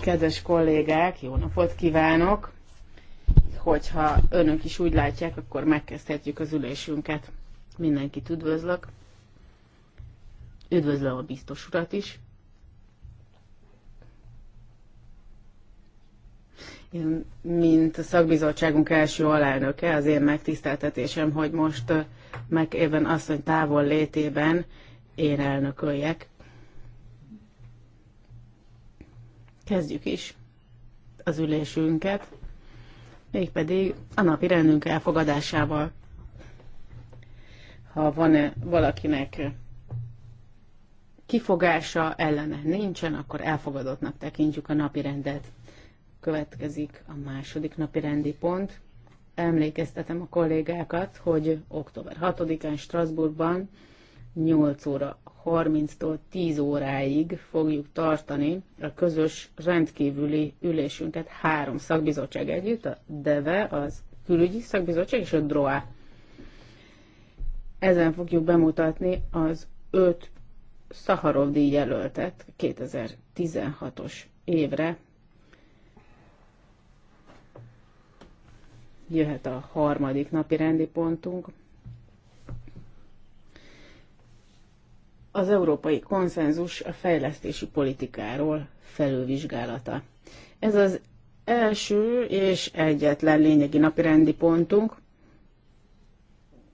Kedves kollégák, jó napot kívánok! Hogyha önök is úgy látják, akkor megkezdhetjük az ülésünket. Mindenkit üdvözlök. Üdvözlöm a biztos urat is. Én, mint a szakbizottságunk első alelnöke, az én megtiszteltetésem, hogy most eh, meg éven asszony távol létében én elnököljek Kezdjük is az ülésünket, mégpedig a napi rendünk elfogadásával. Ha van -e valakinek kifogása ellene nincsen, akkor elfogadottnak tekintjük a napi rendet. Következik a második napi rendi pont. Emlékeztetem a kollégákat, hogy október 6-án Strasbourgban 8 óra 30-tól 10 óráig fogjuk tartani a közös rendkívüli ülésünket három szakbizottság együtt, a DEVE, az külügyi szakbizottság és a DROA. Ezen fogjuk bemutatni az öt Szaharov díj jelöltet 2016-os évre. Jöhet a harmadik napi rendi pontunk, az európai konszenzus a fejlesztési politikáról felülvizsgálata. Ez az első és egyetlen lényegi napirendi pontunk.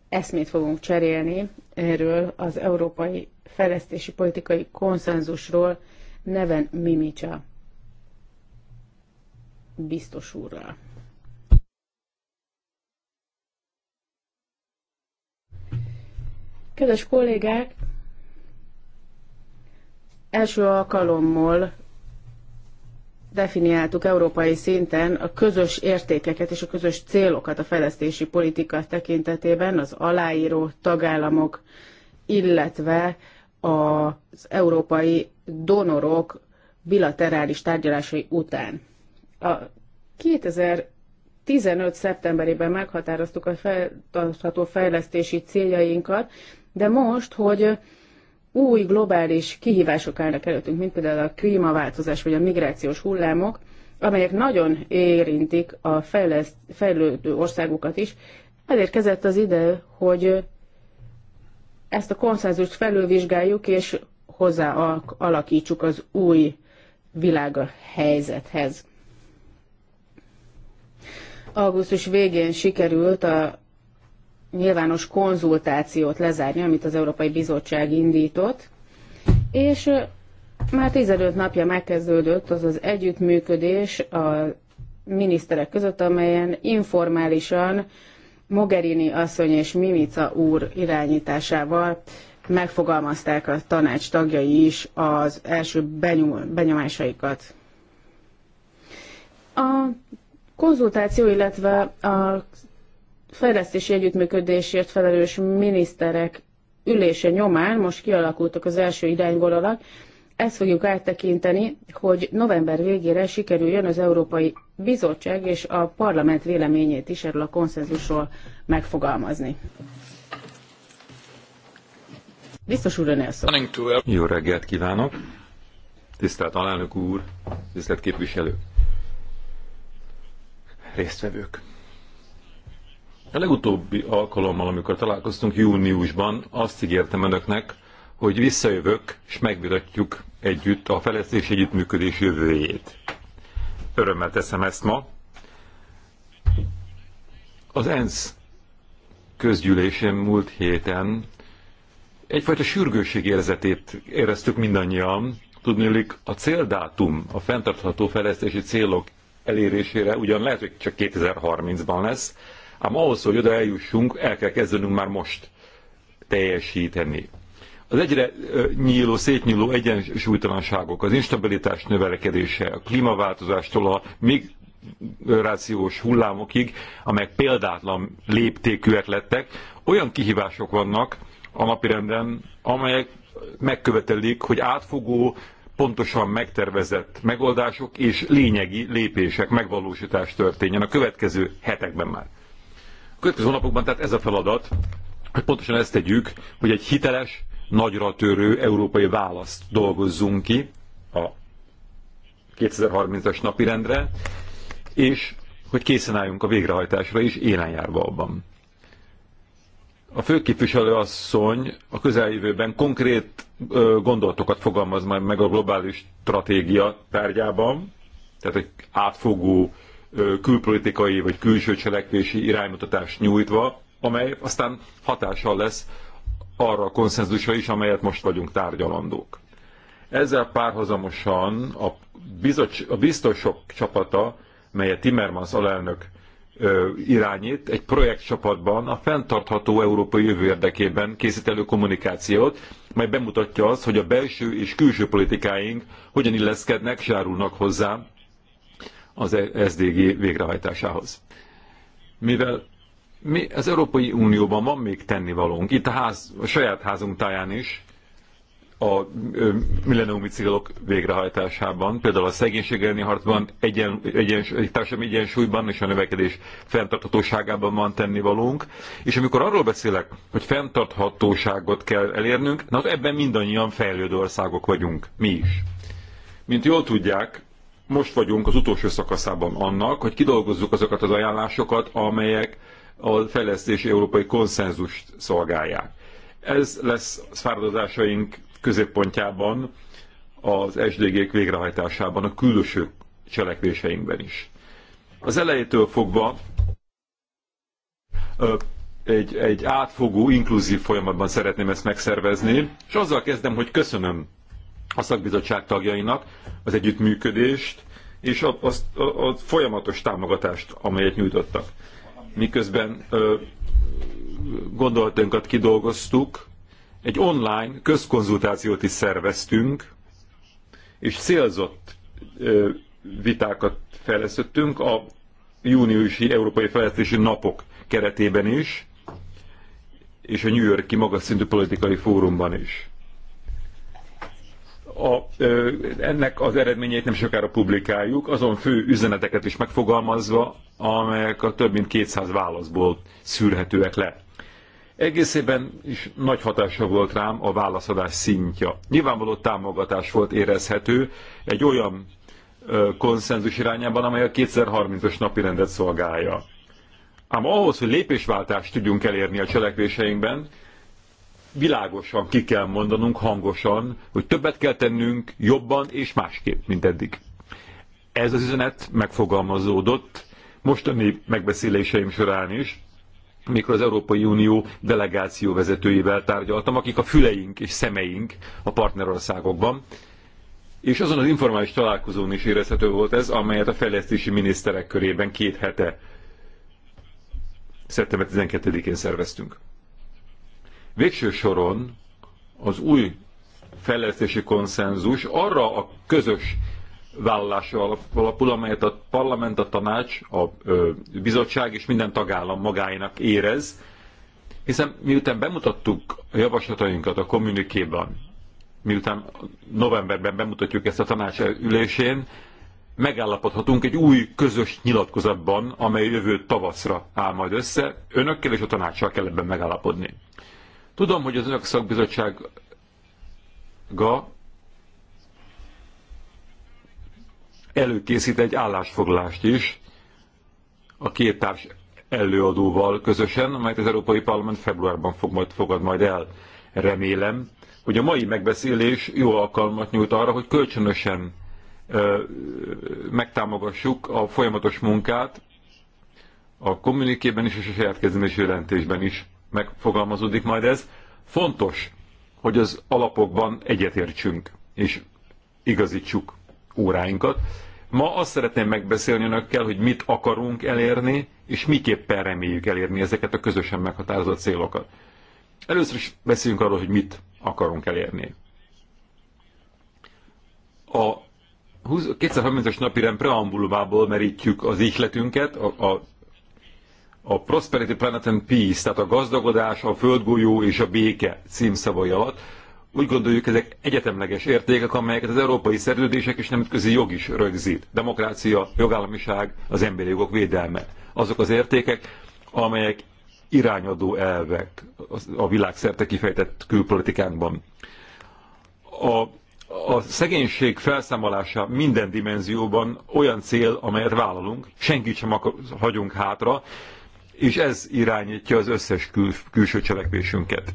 Eszmét fogunk cserélni erről az európai fejlesztési politikai konszenzusról neven Mimicsa biztos úrral. Kedves kollégák, Első alkalommal definiáltuk európai szinten a közös értékeket és a közös célokat a fejlesztési politika tekintetében az aláíró tagállamok, illetve az európai donorok bilaterális tárgyalásai után. A 2015. szeptemberében meghatároztuk a fenntartható fejlesztési céljainkat, de most, hogy új globális kihívások állnak előttünk, mint például a klímaváltozás vagy a migrációs hullámok, amelyek nagyon érintik a fejleszt, fejlődő országokat is. Ezért kezdett az ide, hogy ezt a konszenzust felülvizsgáljuk, és hozzá alakítsuk az új világa helyzethez. Augusztus végén sikerült a nyilvános konzultációt lezárni, amit az Európai Bizottság indított, és már 15 napja megkezdődött az az együttműködés a miniszterek között, amelyen informálisan Mogherini asszony és Mimica úr irányításával megfogalmazták a tanács tagjai is az első benyomásaikat. A konzultáció, illetve a fejlesztési együttműködésért felelős miniszterek ülése nyomán most kialakultak az első irányvonalak. Ezt fogjuk áttekinteni, hogy november végére sikerüljön az Európai Bizottság és a parlament véleményét is erről a konszenzusról megfogalmazni. Biztos úr, önél szó. Jó reggelt kívánok! Tisztelt alelnök úr, tisztelt képviselő, résztvevők! A legutóbbi alkalommal, amikor találkoztunk júniusban, azt ígértem önöknek, hogy visszajövök, és megvitatjuk együtt a fejlesztés együttműködés jövőjét. Örömmel teszem ezt ma. Az ENSZ közgyűlésén múlt héten egyfajta sürgőség érzetét éreztük mindannyian. Tudnélik, a céldátum, a fenntartható fejlesztési célok elérésére ugyan lehet, hogy csak 2030-ban lesz, Ám ahhoz, hogy oda eljussunk, el kell kezdenünk már most teljesíteni. Az egyre nyíló, szétnyíló egyensúlytalanságok, az instabilitás növelkedése, a klímaváltozástól a migrációs hullámokig, amelyek példátlan léptékűek lettek, olyan kihívások vannak a napirenden, amelyek megkövetelik, hogy átfogó, pontosan megtervezett megoldások és lényegi lépések, megvalósítás történjen a következő hetekben már következő hónapokban tehát ez a feladat, hogy pontosan ezt tegyük, hogy egy hiteles, nagyra törő európai választ dolgozzunk ki a 2030-as rendre, és hogy készen álljunk a végrehajtásra is járva abban. A főképviselő asszony a közeljövőben konkrét gondolatokat fogalmaz majd meg a globális stratégia tárgyában, tehát egy átfogó külpolitikai vagy külső cselekvési iránymutatást nyújtva, amely aztán hatással lesz arra a konszenzusra is, amelyet most vagyunk tárgyalandók. Ezzel párhuzamosan a, a biztosok csapata, melyet Timmermans alelnök ö, irányít, egy projektcsapatban a fenntartható európai jövő érdekében készít elő kommunikációt, mely bemutatja azt, hogy a belső és külső politikáink hogyan illeszkednek, sárulnak hozzá az SDG végrehajtásához. Mivel mi az Európai Unióban van még tennivalónk, itt a, ház, a saját házunk táján is, a milleniumi célok végrehajtásában, például a szegénység elleni harcban, egyen, egyen, társadalmi egyensúlyban és a növekedés fenntarthatóságában van tennivalónk. És amikor arról beszélek, hogy fenntarthatóságot kell elérnünk, na ebben mindannyian fejlődő országok vagyunk, mi is. Mint jól tudják, most vagyunk az utolsó szakaszában annak, hogy kidolgozzuk azokat az ajánlásokat, amelyek a fejlesztési európai konszenzust szolgálják. Ez lesz fáradozásaink középpontjában az SDG-k végrehajtásában, a külső cselekvéseinkben is. Az elejétől fogva egy, egy átfogó, inkluzív folyamatban szeretném ezt megszervezni, és azzal kezdem, hogy köszönöm a szakbizottság tagjainak az együttműködést és a, a, a folyamatos támogatást, amelyet nyújtottak. Miközben ö, gondolatunkat kidolgoztuk, egy online közkonzultációt is szerveztünk, és célzott ö, vitákat fejlesztettünk a júniusi Európai Fejlesztési Napok keretében is, és a New Yorki magas szintű politikai fórumban is a, ennek az eredményeit nem sokára publikáljuk, azon fő üzeneteket is megfogalmazva, amelyek a több mint 200 válaszból szűrhetőek le. Egészében is nagy hatása volt rám a válaszadás szintja. Nyilvánvaló támogatás volt érezhető egy olyan ö, konszenzus irányában, amely a 2030-as napi rendet szolgálja. Ám ahhoz, hogy lépésváltást tudjunk elérni a cselekvéseinkben, világosan ki kell mondanunk, hangosan, hogy többet kell tennünk jobban és másképp, mint eddig. Ez az üzenet megfogalmazódott mostani megbeszéléseim során is, mikor az Európai Unió delegáció vezetőivel tárgyaltam, akik a füleink és szemeink a partnerországokban, és azon az informális találkozón is érezhető volt ez, amelyet a fejlesztési miniszterek körében két hete szeptember 12-én szerveztünk. Végső soron az új fejlesztési konszenzus arra a közös vállalásra alapul, amelyet a parlament, a tanács, a bizottság és minden tagállam magáinak érez, hiszen miután bemutattuk a javaslatainkat a kommunikéban, miután novemberben bemutatjuk ezt a tanács ülésén, megállapodhatunk egy új közös nyilatkozatban, amely jövő tavaszra áll majd össze. Önökkel és a tanácssal kell ebben megállapodni. Tudom, hogy az önök szakbizottsága előkészít egy állásfoglalást is a két társ előadóval közösen, amelyet az Európai Parlament februárban fog majd, fogad majd el. Remélem, hogy a mai megbeszélés jó alkalmat nyújt arra, hogy kölcsönösen ö, megtámogassuk a folyamatos munkát a kommunikében is és a saját kezdeményes jelentésben is megfogalmazódik majd ez. Fontos, hogy az alapokban egyetértsünk, és igazítsuk óráinkat. Ma azt szeretném megbeszélni önökkel, hogy mit akarunk elérni, és miképpen reméljük elérni ezeket a közösen meghatározott célokat. Először is beszéljünk arról, hogy mit akarunk elérni. A 2030 as napirend preambulumából merítjük az ihletünket, a, a a Prosperity Planet and Peace, tehát a gazdagodás, a földgolyó és a béke címszavai alatt. Úgy gondoljuk, ezek egyetemleges értékek, amelyeket az európai szerződések és nemzetközi jog is rögzít. Demokrácia, jogállamiság, az emberi jogok védelme. Azok az értékek, amelyek irányadó elvek a világszerte kifejtett külpolitikánkban. A, a szegénység felszámolása minden dimenzióban olyan cél, amelyet vállalunk, senkit sem akar, hagyunk hátra, és ez irányítja az összes kül, külső cselekvésünket.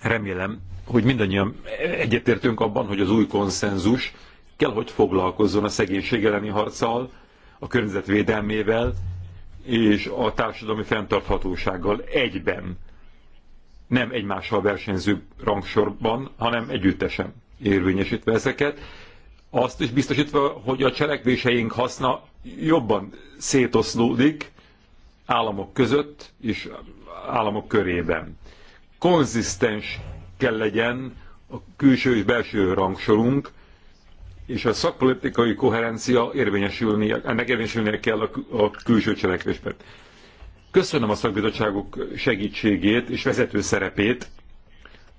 Remélem, hogy mindannyian egyetértünk abban, hogy az új konszenzus kell, hogy foglalkozzon a szegénység elleni harccal, a környezetvédelmével és a társadalmi fenntarthatósággal egyben. Nem egymással versenyző rangsorban, hanem együttesen érvényesítve ezeket azt is biztosítva, hogy a cselekvéseink haszna jobban szétoszlódik államok között és államok körében. Konzisztens kell legyen a külső és belső rangsorunk, és a szakpolitikai koherencia érvényesülnie, ennek érvényesülnie kell a, a külső cselekvésben. Köszönöm a szakbizottságok segítségét és vezető szerepét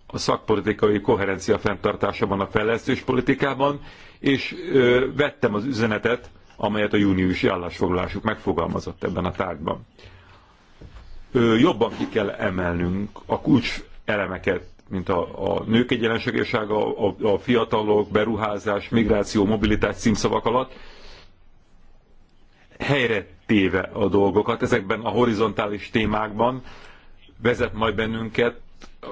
a szakpolitikai koherencia fenntartásában, a fejlesztés politikában, és ö, vettem az üzenetet, amelyet a júniusi állásfoglalásuk megfogalmazott ebben a tárgyban. Ö, jobban ki kell emelnünk a kulcs elemeket, mint a, a nők egyenlőségesága, a, a fiatalok, beruházás, migráció, mobilitás címszavak alatt, helyre téve a dolgokat. Ezekben a horizontális témákban vezet majd bennünket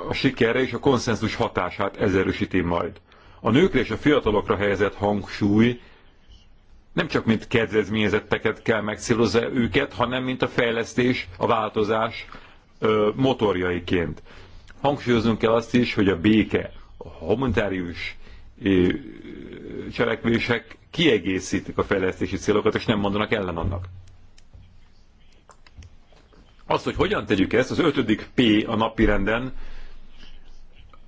a sikerre, és a konszenzus hatását ez erősíti majd a nőkre és a fiatalokra helyezett hangsúly nem csak mint kedvezményezetteket kell megcélozza őket, hanem mint a fejlesztés, a változás motorjaiként. Hangsúlyoznunk kell azt is, hogy a béke, a humanitárius cselekvések kiegészítik a fejlesztési célokat, és nem mondanak ellen annak. Azt, hogy hogyan tegyük ezt, az ötödik P a napirenden,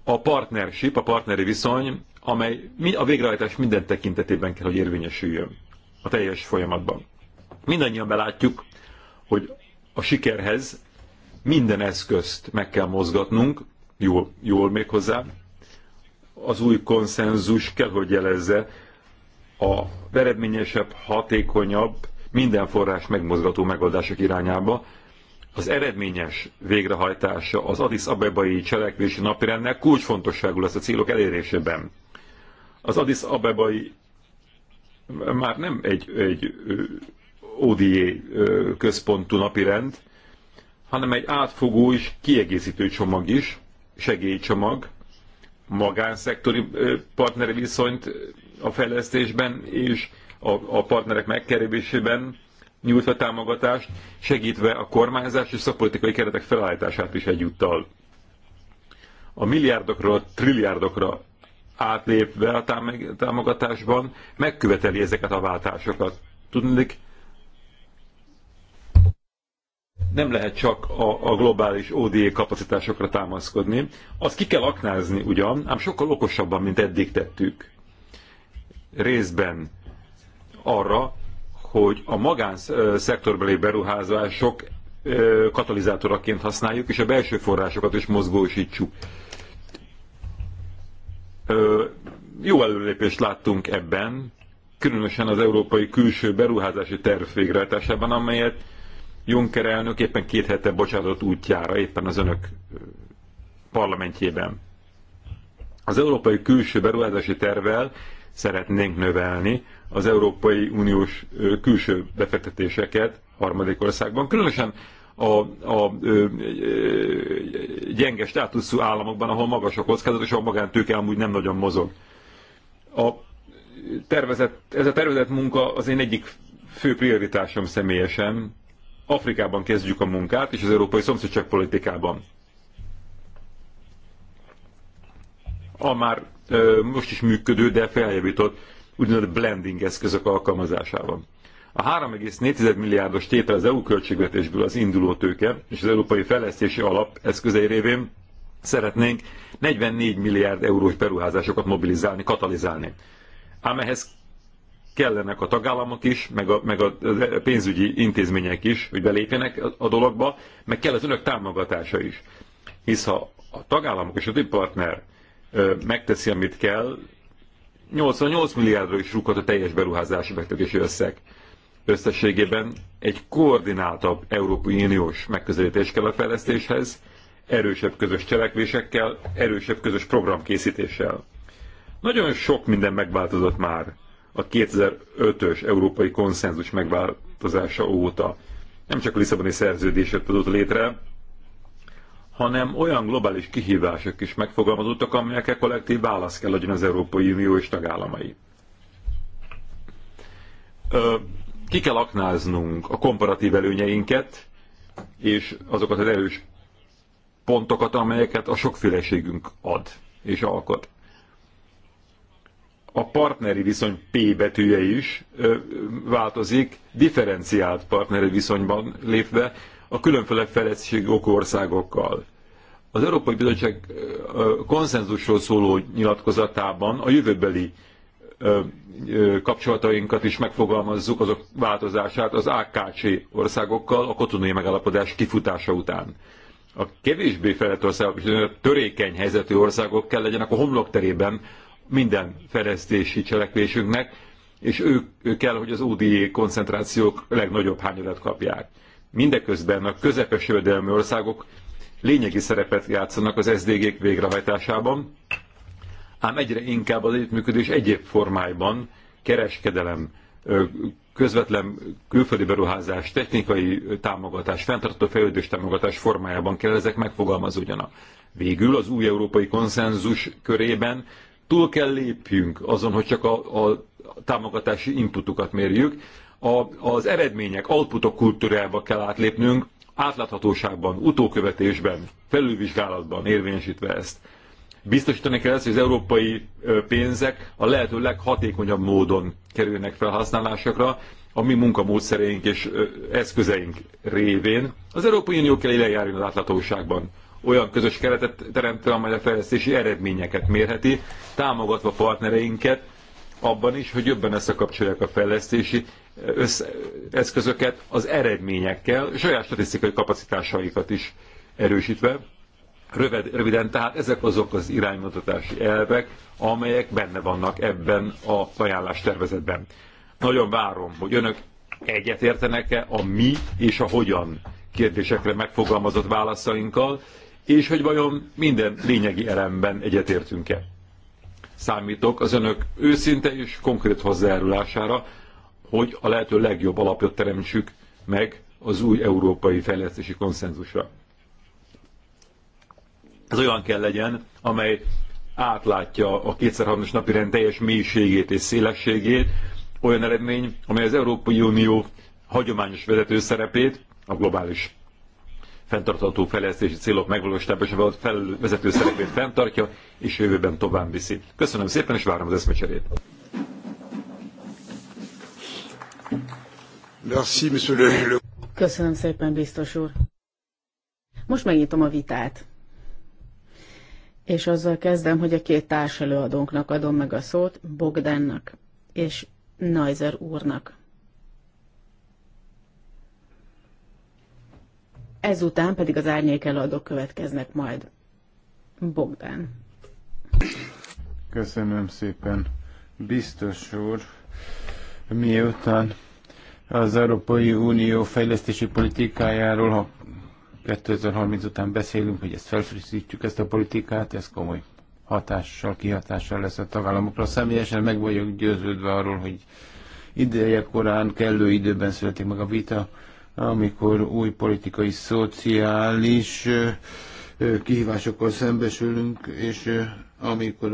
a partnership, a partneri viszony amely a végrehajtás minden tekintetében kell, hogy érvényesüljön a teljes folyamatban. Mindannyian belátjuk, hogy a sikerhez minden eszközt meg kell mozgatnunk, jól, jól még hozzá. Az új konszenzus kell, hogy jelezze a eredményesebb, hatékonyabb, minden forrás megmozgató megoldások irányába. Az eredményes végrehajtása az Addis Abebai cselekvési napirendnek kulcsfontosságú lesz a célok elérésében az Addis Abebai már nem egy, egy ODA központú napirend, hanem egy átfogó és kiegészítő csomag is, segélycsomag, magánszektori partneri viszonyt a fejlesztésben és a, a partnerek megkerülésében nyújtva támogatást, segítve a kormányzás és szakpolitikai keretek felállítását is egyúttal. A milliárdokra, a trilliárdokra átlépve a támogatásban megköveteli ezeket a váltásokat. Tudnék, nem lehet csak a, a globális ODA kapacitásokra támaszkodni. Azt ki kell aknázni ugyan, ám sokkal okosabban, mint eddig tettük. Részben arra, hogy a magánszektorbeli beruházások katalizátoraként használjuk, és a belső forrásokat is mozgósítsuk Ö, jó előrelépést láttunk ebben, különösen az európai külső beruházási terv végrehajtásában, amelyet Juncker elnök éppen két hete bocsátott útjára, éppen az önök parlamentjében. Az európai külső beruházási tervvel szeretnénk növelni az Európai Uniós külső befektetéseket harmadik országban, különösen a, a ö, ö, gyenge státuszú államokban, ahol magas a kockázat, és a magántőke amúgy nem nagyon mozog. A tervezett, ez a tervezett munka az én egyik fő prioritásom személyesen. Afrikában kezdjük a munkát, és az európai szomszédság politikában. A már ö, most is működő, de feljavított úgynevezett blending eszközök alkalmazásában. A 3,4 milliárdos tétel az EU költségvetésből az induló tőke és az Európai Fejlesztési Alap eszközei révén szeretnénk 44 milliárd eurós beruházásokat mobilizálni, katalizálni. Ám ehhez kellenek a tagállamok is, meg a, meg a e, pénzügyi intézmények is, hogy belépjenek a dologba, meg kell az önök támogatása is. Hisz ha a tagállamok és a többi partner ö, megteszi, amit kell, 88 milliárdra is rúghat a teljes beruházási megtökési összeg. Összességében egy koordináltabb Európai Uniós megközelítés kell a fejlesztéshez, erősebb közös cselekvésekkel, erősebb közös programkészítéssel. Nagyon sok minden megváltozott már a 2005-ös európai konszenzus megváltozása óta. Nem csak a Lisszaboni szerződés jött létre, hanem olyan globális kihívások is megfogalmazottak, amelyekkel kollektív válasz kell adjon az Európai Unió és tagállamai. Ki kell aknáznunk a komparatív előnyeinket, és azokat az erős pontokat, amelyeket a sokféleségünk ad és alkot. A partneri viszony P betűje is ö, változik, differenciált partneri viszonyban lépve a különféle fejlettségi országokkal. Az Európai Bizottság konszenzusról szóló nyilatkozatában a jövőbeli kapcsolatainkat is megfogalmazzuk azok változását az AKC országokkal a kotonai megállapodás kifutása után. A kevésbé fejlett országok és a törékeny helyzetű országok kell legyenek a homlokterében minden fejlesztési cselekvésünknek, és ők, ők kell, hogy az ODI koncentrációk legnagyobb hányadat kapják. Mindeközben a közepes jövedelmi országok lényegi szerepet játszanak az SDG-k végrehajtásában, ám egyre inkább az együttműködés egyéb formáiban, kereskedelem, közvetlen külföldi beruházás, technikai támogatás, fenntartó fejlődés támogatás formájában kell ezek megfogalmazódjanak. Végül az új európai konszenzus körében túl kell lépjünk azon, hogy csak a, a támogatási inputokat mérjük, a, az eredmények, outputok kultúrájába kell átlépnünk, átláthatóságban, utókövetésben, felülvizsgálatban érvényesítve ezt. Biztosítani kell ezt, hogy az európai pénzek a lehető leghatékonyabb módon kerülnek felhasználásokra, a mi munkamódszereink és eszközeink révén. Az Európai Unió kell idejárni az átláthatóságban. Olyan közös keretet teremtve, amely a fejlesztési eredményeket mérheti, támogatva partnereinket abban is, hogy jobban összekapcsolják a fejlesztési eszközöket az eredményekkel, saját statisztikai kapacitásaikat is erősítve, Rövid, röviden, tehát ezek azok az iránymutatási elvek, amelyek benne vannak ebben a ajánlás tervezetben. Nagyon várom, hogy önök egyetértenek-e a mi és a hogyan kérdésekre megfogalmazott válaszainkkal, és hogy vajon minden lényegi elemben egyetértünk-e. Számítok az önök őszinte és konkrét hozzájárulására, hogy a lehető legjobb alapot teremtsük meg az új európai fejlesztési konszenzusra ez olyan kell legyen, amely átlátja a kétszer as napirend teljes mélységét és szélességét, olyan eredmény, amely az Európai Unió hagyományos vezető szerepét, a globális fenntartható fejlesztési célok megvalósításában felelő vezető szerepét fenntartja, és jövőben tovább viszi. Köszönöm szépen, és várom az eszmecserét. Köszönöm szépen, biztos úr. Most megnyitom a vitát. És azzal kezdem, hogy a két társelőadónknak adom meg a szót, Bogdánnak és Neiser úrnak. Ezután pedig az árnyék előadók következnek majd. Bogdán. Köszönöm szépen. Biztos úr, miután az Európai Unió fejlesztési politikájáról, ha 2030 után beszélünk, hogy ezt felfrissítjük, ezt a politikát, ez komoly hatással, kihatással lesz a tagállamokra. Személyesen meg vagyok győződve arról, hogy ideje korán, kellő időben születik meg a vita, amikor új politikai, szociális kihívásokkal szembesülünk, és amikor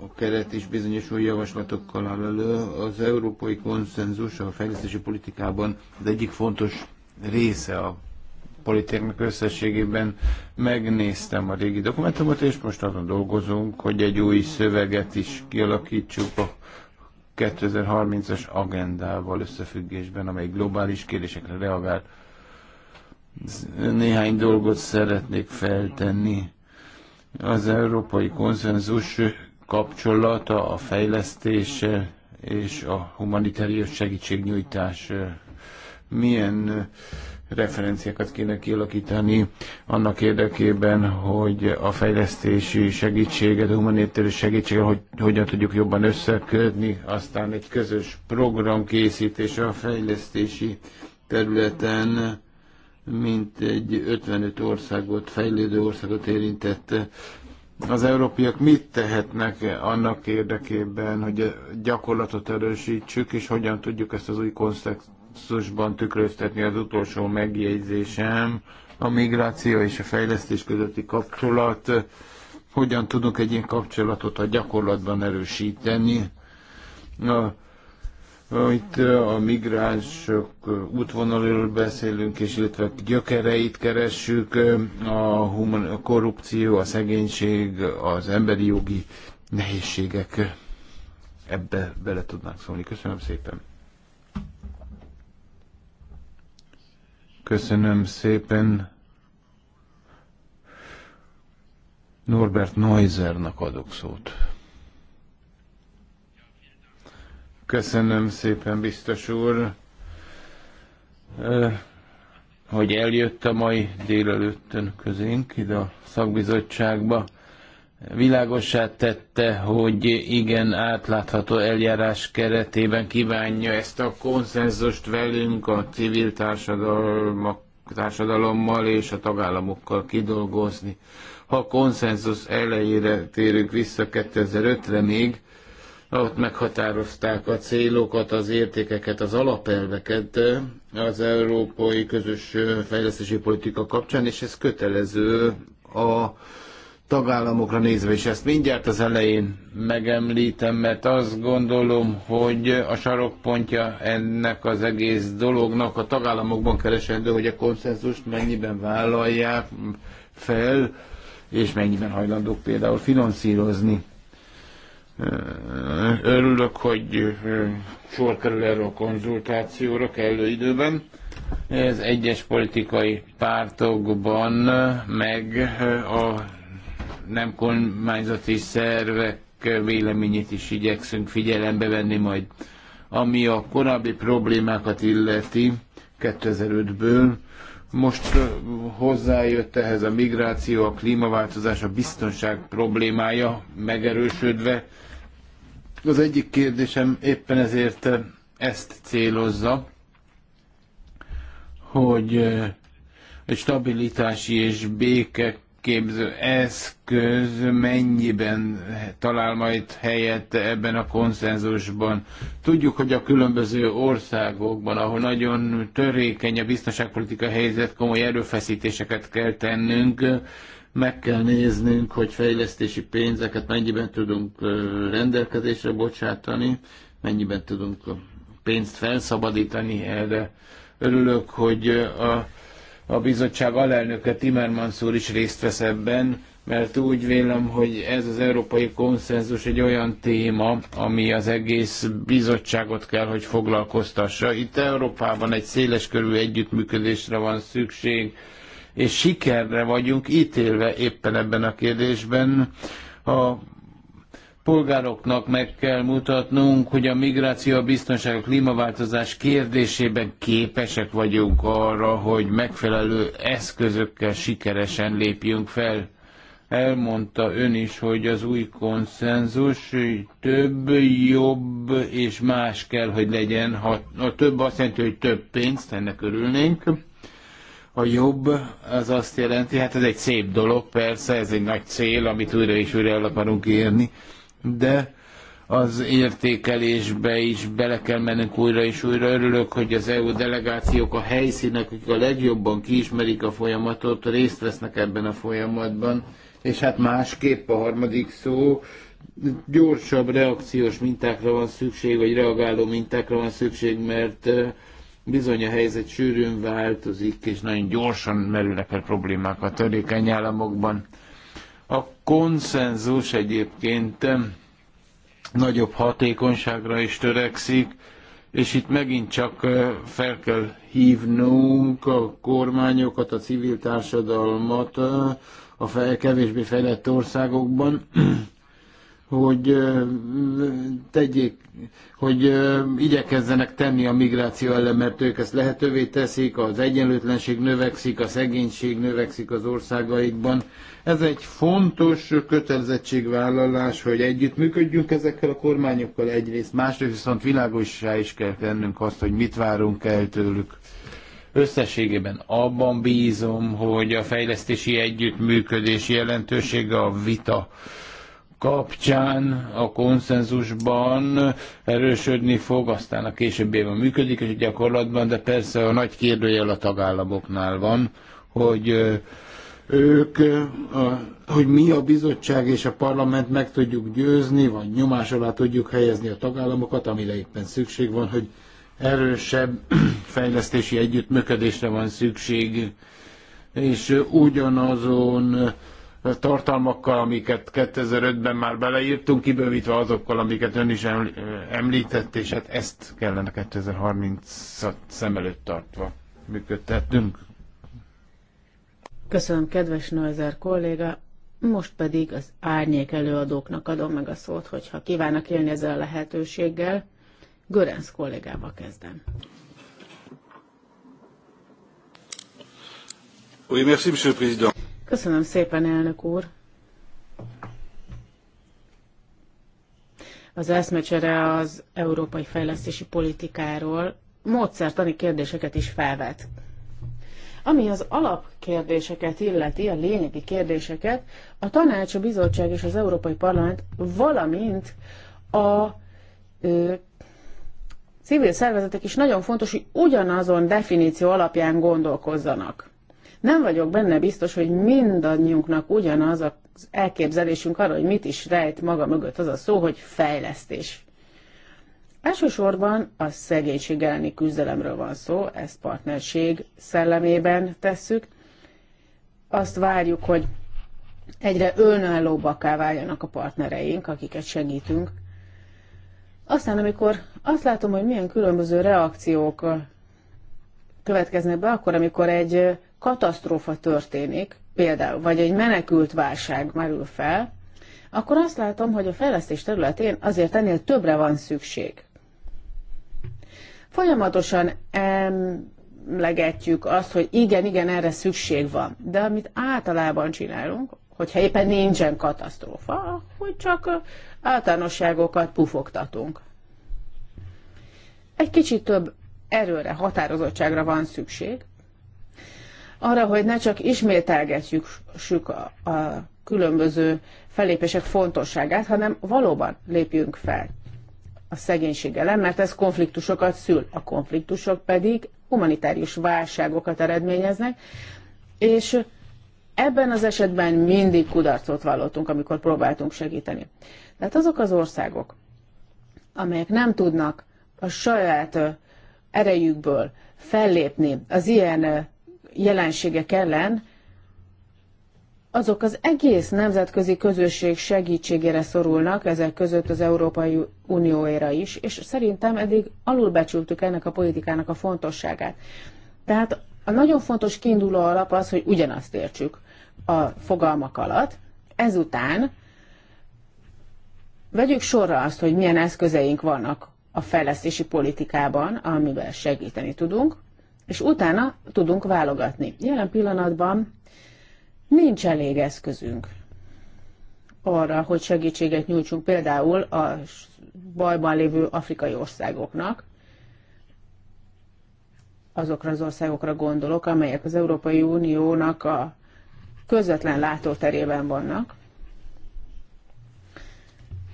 a keret is bizonyos új javaslatokkal áll elő. Az európai konszenzus a fejlesztési politikában az egyik fontos része a politikáknak összességében megnéztem a régi dokumentumot, és most azon dolgozunk, hogy egy új szöveget is kialakítsuk a 2030-as agendával összefüggésben, amely globális kérdésekre reagál. Néhány dolgot szeretnék feltenni. Az európai konszenzus kapcsolata a fejlesztés és a humanitárius segítségnyújtás milyen referenciákat kéne kialakítani annak érdekében, hogy a fejlesztési segítséget, a humanitárius segítséget hogy, hogyan tudjuk jobban összekötni, aztán egy közös program készítése a fejlesztési területen, mint egy 55 országot, fejlődő országot érintette. Az európaiak mit tehetnek annak érdekében, hogy a gyakorlatot erősítsük, és hogyan tudjuk ezt az új nexusban tükröztetni az utolsó megjegyzésem, a migráció és a fejlesztés közötti kapcsolat. Hogyan tudunk egy ilyen kapcsolatot a gyakorlatban erősíteni? A, itt a migránsok útvonalról beszélünk, és illetve gyökereit keressük, a, human, a korrupció, a szegénység, az emberi jogi nehézségek. Ebbe bele tudnánk szólni. Köszönöm szépen! Köszönöm szépen. Norbert Neuzernak adok szót. Köszönöm szépen, biztos úr, eh, hogy eljött a mai délelőttön közénk ide a szakbizottságba világossá tette, hogy igen, átlátható eljárás keretében kívánja ezt a konszenzust velünk, a civil társadalommal és a tagállamokkal kidolgozni. Ha a konszenzus elejére térünk vissza 2005-re még, ott meghatározták a célokat, az értékeket, az alapelveket az európai közös fejlesztési politika kapcsán, és ez kötelező a tagállamokra nézve, és ezt mindjárt az elején megemlítem, mert azt gondolom, hogy a sarokpontja ennek az egész dolognak a tagállamokban keresendő, hogy a konszenzust mennyiben vállalják fel, és mennyiben hajlandók például finanszírozni. Örülök, hogy sor kerül erre a konzultációra kellő időben. Ez egyes politikai pártokban meg a nem kormányzati szervek véleményét is igyekszünk figyelembe venni majd. Ami a korábbi problémákat illeti 2005-ből, most hozzájött ehhez a migráció, a klímaváltozás, a biztonság problémája megerősödve. Az egyik kérdésem éppen ezért ezt célozza, hogy egy stabilitási és béke képző eszköz mennyiben talál majd helyet ebben a konszenzusban. Tudjuk, hogy a különböző országokban, ahol nagyon törékeny a biztonságpolitika helyzet, komoly erőfeszítéseket kell tennünk, meg kell néznünk, hogy fejlesztési pénzeket mennyiben tudunk rendelkezésre bocsátani, mennyiben tudunk pénzt felszabadítani erre. Örülök, hogy a a bizottság alelnöke Timmermans úr is részt vesz ebben, mert úgy vélem, hogy ez az európai konszenzus egy olyan téma, ami az egész bizottságot kell, hogy foglalkoztassa. Itt Európában egy körű együttműködésre van szükség, és sikerre vagyunk ítélve éppen ebben a kérdésben. A polgároknak meg kell mutatnunk, hogy a migráció, a biztonság, a klímaváltozás kérdésében képesek vagyunk arra, hogy megfelelő eszközökkel sikeresen lépjünk fel. Elmondta ön is, hogy az új konszenzus több, jobb és más kell, hogy legyen. Ha a több azt jelenti, hogy több pénzt, ennek örülnénk. A jobb az azt jelenti, hát ez egy szép dolog, persze, ez egy nagy cél, amit újra és újra el akarunk érni de az értékelésbe is bele kell mennünk újra és újra. Örülök, hogy az EU delegációk a helyszínek, akik a legjobban kiismerik a folyamatot, részt vesznek ebben a folyamatban. És hát másképp a harmadik szó, gyorsabb reakciós mintákra van szükség, vagy reagáló mintákra van szükség, mert bizony a helyzet sűrűn változik, és nagyon gyorsan merülnek el problémák a törékeny államokban. A konszenzus egyébként nagyobb hatékonyságra is törekszik, és itt megint csak fel kell hívnunk a kormányokat, a civil társadalmat a kevésbé fejlett országokban, hogy tegyék, hogy igyekezzenek tenni a migráció ellen, mert ők ezt lehetővé teszik, az egyenlőtlenség növekszik, a szegénység növekszik az országaikban. Ez egy fontos kötelezettségvállalás, hogy együttműködjünk ezekkel a kormányokkal egyrészt, másrészt viszont világossá is kell tennünk azt, hogy mit várunk el tőlük. Összességében abban bízom, hogy a fejlesztési együttműködés jelentősége a vita kapcsán a konszenzusban erősödni fog, aztán a később évben működik, és gyakorlatban, de persze a nagy kérdőjel a tagállamoknál van, hogy ők, hogy mi a bizottság és a parlament meg tudjuk győzni, vagy nyomás alá tudjuk helyezni a tagállamokat, amire éppen szükség van, hogy erősebb fejlesztési együttműködésre van szükség, és ugyanazon tartalmakkal, amiket 2005-ben már beleírtunk, kibővítve azokkal, amiket ön is említett, és hát ezt kellene 2030-at szem előtt tartva működtetnünk. Köszönöm, kedves Neuzer kolléga. Most pedig az árnyék előadóknak adom meg a szót, hogyha kívánnak élni ezzel a lehetőséggel. Görenc kollégával kezdem. Oui, merci, monsieur le président. Köszönöm szépen, elnök úr. Az eszmecsere az európai fejlesztési politikáról módszertani kérdéseket is felvet. Ami az alapkérdéseket illeti, a lényegi kérdéseket, a tanács, a bizottság és az Európai Parlament, valamint a ö, civil szervezetek is nagyon fontos, hogy ugyanazon definíció alapján gondolkozzanak. Nem vagyok benne biztos, hogy mindannyiunknak ugyanaz az elképzelésünk arra, hogy mit is rejt maga mögött az a szó, hogy fejlesztés. Elsősorban a szegénység elleni küzdelemről van szó, ezt partnerség szellemében tesszük. Azt várjuk, hogy egyre önállóbbaká váljanak a partnereink, akiket segítünk. Aztán, amikor azt látom, hogy milyen különböző reakciók következnek be, akkor, amikor egy katasztrófa történik, például, vagy egy menekült válság merül fel, akkor azt látom, hogy a fejlesztés területén azért ennél többre van szükség. Folyamatosan emlegetjük azt, hogy igen, igen, erre szükség van. De amit általában csinálunk, hogyha éppen nincsen katasztrófa, hogy csak általánosságokat pufogtatunk. Egy kicsit több erőre, határozottságra van szükség, arra, hogy ne csak ismételgetjük a, a különböző felépések fontosságát, hanem valóban lépjünk fel a szegénység ellen, mert ez konfliktusokat szül. A konfliktusok pedig humanitárius válságokat eredményeznek, és ebben az esetben mindig kudarcot vallottunk, amikor próbáltunk segíteni. Tehát azok az országok, amelyek nem tudnak a saját erejükből fellépni az ilyen jelenségek ellen, azok az egész nemzetközi közösség segítségére szorulnak, ezek között az Európai Unióéra is, és szerintem eddig alulbecsültük ennek a politikának a fontosságát. Tehát a nagyon fontos kiinduló alap az, hogy ugyanazt értsük a fogalmak alatt, ezután vegyük sorra azt, hogy milyen eszközeink vannak a fejlesztési politikában, amivel segíteni tudunk, és utána tudunk válogatni. Jelen pillanatban nincs elég eszközünk arra, hogy segítséget nyújtsunk például a bajban lévő afrikai országoknak, azokra az országokra gondolok, amelyek az Európai Uniónak a közvetlen látóterében vannak.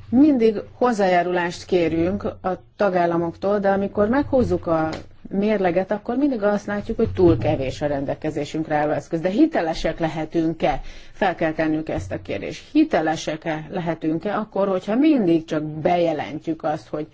Mindig hozzájárulást kérünk a tagállamoktól, de amikor meghozzuk a mérleget, akkor mindig azt látjuk, hogy túl kevés a rendelkezésünkre álló eszköz. De hitelesek lehetünk-e? Fel kell tennünk ezt a kérdést. Hitelesek-e lehetünk-e akkor, hogyha mindig csak bejelentjük azt, hogy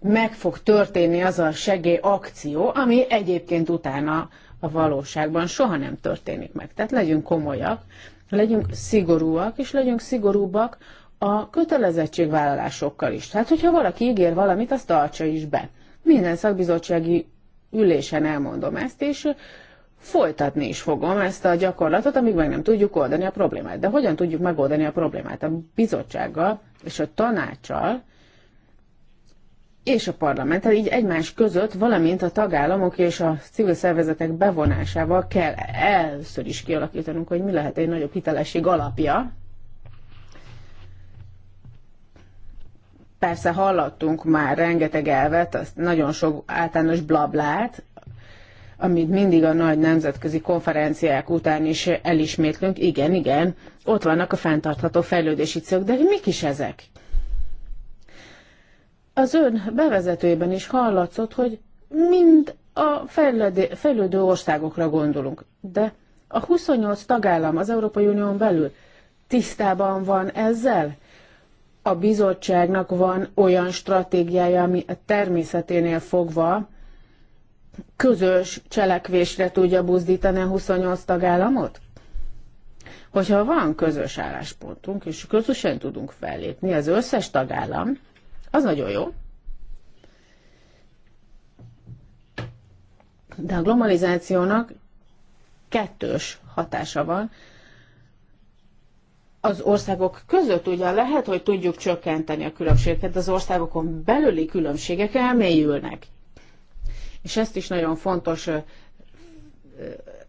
meg fog történni az a segélyakció, ami egyébként utána a valóságban soha nem történik meg. Tehát legyünk komolyak, legyünk szigorúak, és legyünk szigorúbbak a kötelezettségvállalásokkal is. Tehát, hogyha valaki ígér valamit, azt tartsa is be. Minden szakbizottsági ülésen elmondom ezt, és folytatni is fogom ezt a gyakorlatot, amíg meg nem tudjuk oldani a problémát. De hogyan tudjuk megoldani a problémát? A bizottsággal és a tanácsal és a parlamenttel így egymás között, valamint a tagállamok és a civil szervezetek bevonásával kell először is kialakítanunk, hogy mi lehet egy nagyobb hitelesség alapja, Persze hallottunk már rengeteg elvet, azt nagyon sok általános blablát, amit mindig a nagy nemzetközi konferenciák után is elismétlünk. Igen, igen, ott vannak a fenntartható fejlődési célok, de mik is ezek? Az ön bevezetőjében is hallatszott, hogy mind a fejlődő, fejlődő országokra gondolunk, de a 28 tagállam az Európai Unión belül tisztában van ezzel? a bizottságnak van olyan stratégiája, ami a természeténél fogva közös cselekvésre tudja buzdítani a 28 tagállamot? Hogyha van közös álláspontunk, és közösen tudunk fellépni, az összes tagállam, az nagyon jó. De a globalizációnak kettős hatása van az országok között ugyan lehet, hogy tudjuk csökkenteni a különbségeket, de az országokon belüli különbségek elmélyülnek. És ezt is nagyon fontos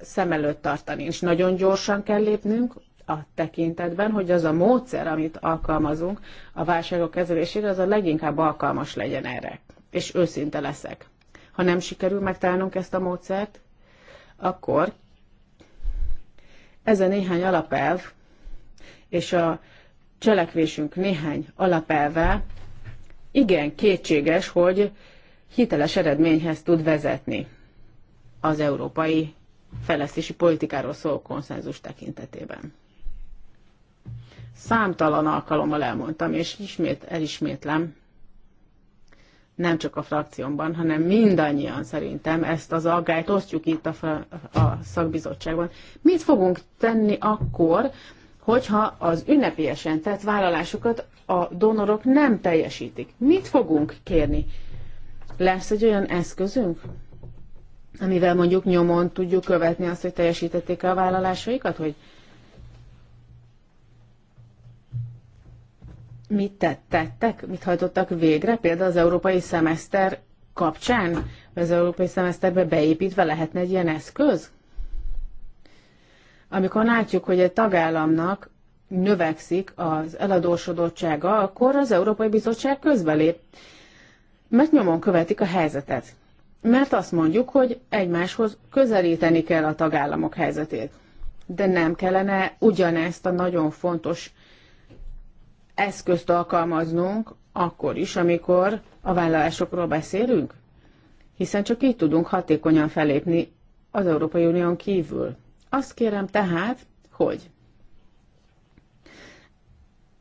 szem előtt tartani. És nagyon gyorsan kell lépnünk a tekintetben, hogy az a módszer, amit alkalmazunk a válságok kezelésére, az a leginkább alkalmas legyen erre. És őszinte leszek. Ha nem sikerül megtalálnunk ezt a módszert, akkor ez a néhány alapelv és a cselekvésünk néhány alapelve igen kétséges, hogy hiteles eredményhez tud vezetni az európai fejlesztési politikáról szóló konszenzus tekintetében. Számtalan alkalommal elmondtam, és ismét elismétlem, nem csak a frakciómban, hanem mindannyian szerintem ezt az aggályt osztjuk itt a, a szakbizottságban. Mit fogunk tenni akkor, hogyha az ünnepélyesen tett vállalásukat a donorok nem teljesítik. Mit fogunk kérni? Lesz egy olyan eszközünk, amivel mondjuk nyomon tudjuk követni azt, hogy teljesítették a vállalásaikat, hogy mit tettek, mit hajtottak végre, például az európai szemeszter kapcsán, az európai szemeszterbe beépítve lehetne egy ilyen eszköz? Amikor látjuk, hogy egy tagállamnak növekszik az eladósodottsága, akkor az Európai Bizottság közbelép, mert nyomon követik a helyzetet. Mert azt mondjuk, hogy egymáshoz közelíteni kell a tagállamok helyzetét. De nem kellene ugyanezt a nagyon fontos eszközt alkalmaznunk akkor is, amikor a vállalásokról beszélünk? Hiszen csak így tudunk hatékonyan felépni az Európai Unión kívül. Azt kérem tehát, hogy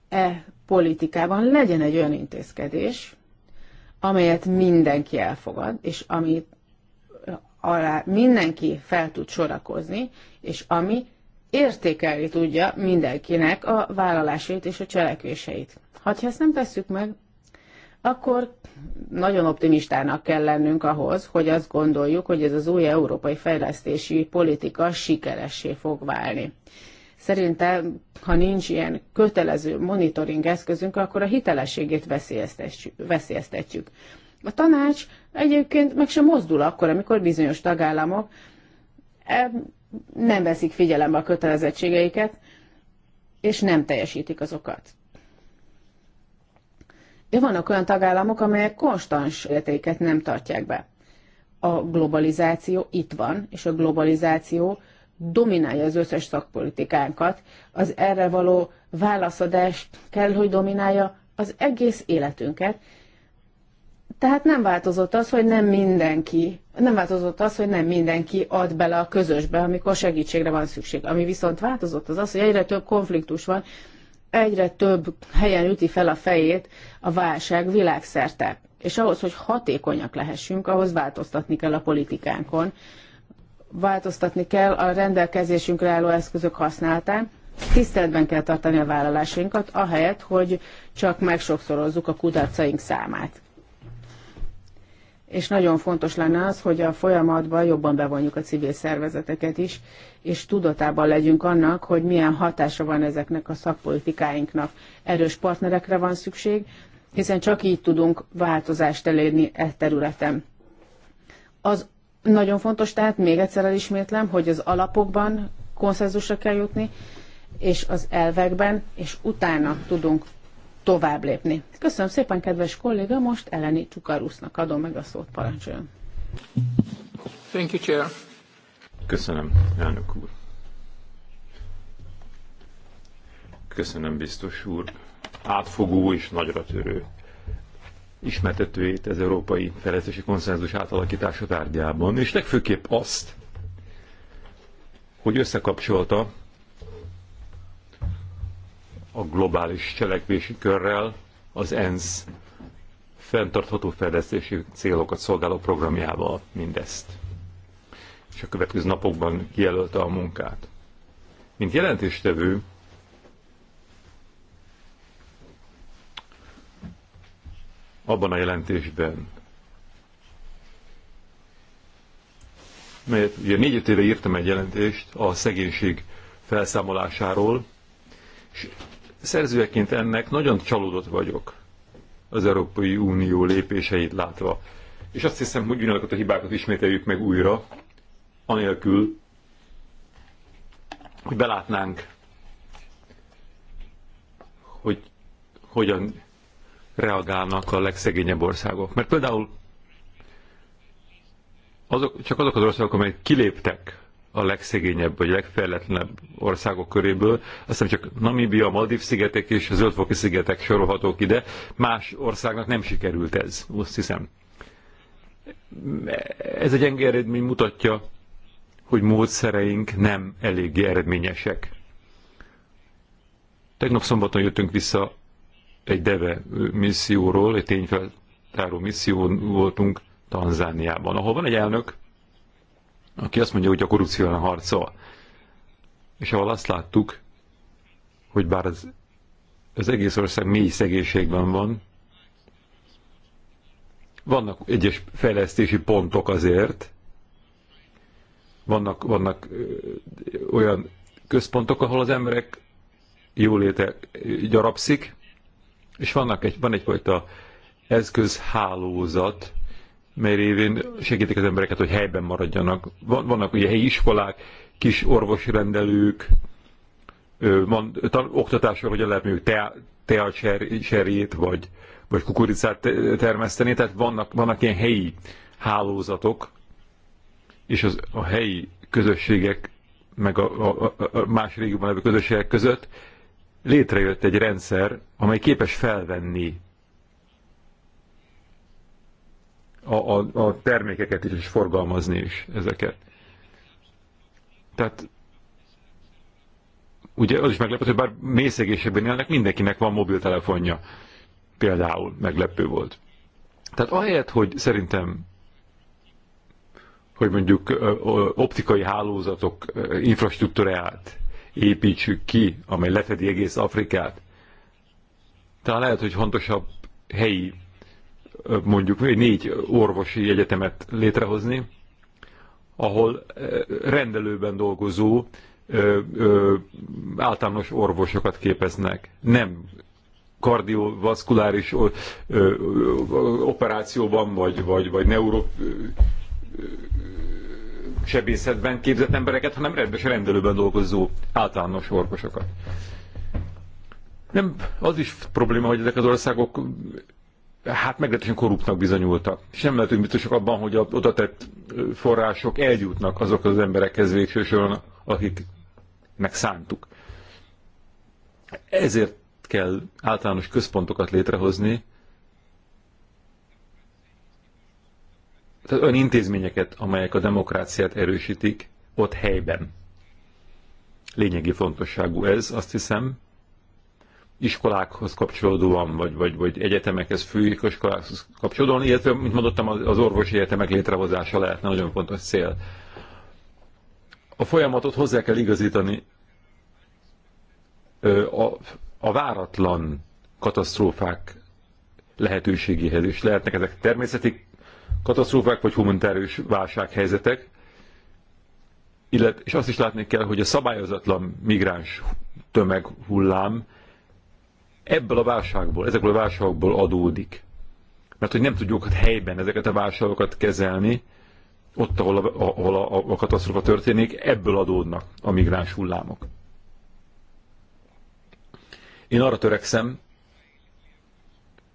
e politikában legyen egy olyan intézkedés, amelyet mindenki elfogad, és amit alá mindenki fel tud sorakozni, és ami értékelni tudja mindenkinek a vállalásait és a cselekvéseit. Ha ezt nem tesszük meg, akkor nagyon optimistának kell lennünk ahhoz, hogy azt gondoljuk, hogy ez az új európai fejlesztési politika sikeressé fog válni. Szerintem, ha nincs ilyen kötelező monitoring eszközünk, akkor a hitelességét veszélyeztetjük. A tanács egyébként meg sem mozdul akkor, amikor bizonyos tagállamok eh, nem veszik figyelembe a kötelezettségeiket, és nem teljesítik azokat de vannak olyan tagállamok, amelyek konstans értéket nem tartják be. A globalizáció itt van, és a globalizáció dominálja az összes szakpolitikánkat. Az erre való válaszadást kell, hogy dominálja az egész életünket. Tehát nem változott az, hogy nem mindenki, nem változott az, hogy nem mindenki ad bele a közösbe, amikor segítségre van szükség. Ami viszont változott az az, hogy egyre több konfliktus van, egyre több helyen üti fel a fejét a válság világszerte. És ahhoz, hogy hatékonyak lehessünk, ahhoz változtatni kell a politikánkon, változtatni kell a rendelkezésünkre álló eszközök használatán, tiszteletben kell tartani a vállalásainkat, ahelyett, hogy csak megsokszorozzuk a kudarcaink számát és nagyon fontos lenne az, hogy a folyamatban jobban bevonjuk a civil szervezeteket is, és tudatában legyünk annak, hogy milyen hatása van ezeknek a szakpolitikáinknak. Erős partnerekre van szükség, hiszen csak így tudunk változást elérni e területen. Az nagyon fontos, tehát még egyszer elismétlem, hogy az alapokban konszenzusra kell jutni, és az elvekben, és utána tudunk tovább lépni. Köszönöm szépen, kedves kolléga, most Eleni Csukarusznak adom meg a szót, parancsoljon. Thank you, Chair. Köszönöm, elnök úr. Köszönöm, biztos úr. Átfogó és nagyra törő ismertetőjét az Európai Fejlesztési Konszenzus átalakítása tárgyában, és legfőképp azt, hogy összekapcsolta a globális cselekvési körrel az ENSZ fenntartható fejlesztési célokat szolgáló programjával mindezt. És a következő napokban kijelölte a munkát. Mint jelentéstevő, abban a jelentésben, mert, ugye négy éve írtam egy jelentést a szegénység felszámolásáról, és szerzőeként ennek nagyon csalódott vagyok az Európai Unió lépéseit látva. És azt hiszem, hogy ugyanazokat a hibákat ismételjük meg újra, anélkül, hogy belátnánk, hogy hogyan reagálnak a legszegényebb országok. Mert például azok, csak azok az országok, amelyek kiléptek a legszegényebb vagy legfejletlenebb országok köréből. Azt hiszem csak Namíbia, Maldív-szigetek és a Zöldfoki-szigetek sorolhatók ide. Más országnak nem sikerült ez, azt hiszem. Ez egy gyenge eredmény mutatja, hogy módszereink nem eléggé eredményesek. Tegnap szombaton jöttünk vissza egy DEVE misszióról, egy tényfeltáró misszió voltunk Tanzániában, ahol van egy elnök, aki azt mondja, hogy a korrupció ellen harcol. És ahol azt láttuk, hogy bár az, az egész ország mély szegénységben van, vannak egyes fejlesztési pontok azért, vannak, vannak olyan központok, ahol az emberek jóléte gyarapszik, és vannak egy, van egyfajta eszközhálózat, mely révén segítik az embereket, hogy helyben maradjanak. Vannak ugye helyi iskolák, kis orvosrendelők, van, oktatásra hogyan lehet mondjuk teacserét, tea vagy, vagy kukoricát termeszteni, tehát vannak, vannak ilyen helyi hálózatok, és az, a helyi közösségek, meg a, a, a más régióban levő közösségek között létrejött egy rendszer, amely képes felvenni a, a, a termékeket is, és forgalmazni is ezeket. Tehát ugye az is meglepő, hogy bár mészegésében élnek, mindenkinek van mobiltelefonja. Például meglepő volt. Tehát ahelyett, hogy szerintem hogy mondjuk optikai hálózatok infrastruktúráját építsük ki, amely lefedi egész Afrikát. Talán lehet, hogy fontosabb helyi mondjuk négy orvosi egyetemet létrehozni, ahol eh, rendelőben dolgozó eh, eh, általános orvosokat képeznek. Nem kardiovaszkuláris operációban, vagy, vagy, vagy neuro sebészetben képzett embereket, hanem rendes rendelőben dolgozó általános orvosokat. Nem, az is probléma, hogy ezek az országok hát meglehetősen korruptnak bizonyultak. És nem lehetünk biztosak abban, hogy a tett források eljutnak azok az emberekhez végső soron, akiknek szántuk. Ezért kell általános központokat létrehozni, tehát olyan intézményeket, amelyek a demokráciát erősítik, ott helyben. Lényegi fontosságú ez, azt hiszem, iskolákhoz kapcsolódóan, vagy, vagy, vagy egyetemekhez, főiskolákhoz kapcsolódóan, illetve, mint mondottam, az orvosi egyetemek létrehozása lehetne nagyon fontos cél. A folyamatot hozzá kell igazítani a, a váratlan katasztrófák lehetőségéhez is. Lehetnek ezek természeti katasztrófák, vagy humanitárius válsághelyzetek, illet, és azt is látni kell, hogy a szabályozatlan migráns tömeghullám ebből a válságból, ezekből a válságokból adódik. Mert hogy nem tudjuk hogy hát helyben ezeket a válságokat kezelni, ott, ahol a, ahol a, a katasztrofa történik, ebből adódnak a migráns hullámok. Én arra törekszem,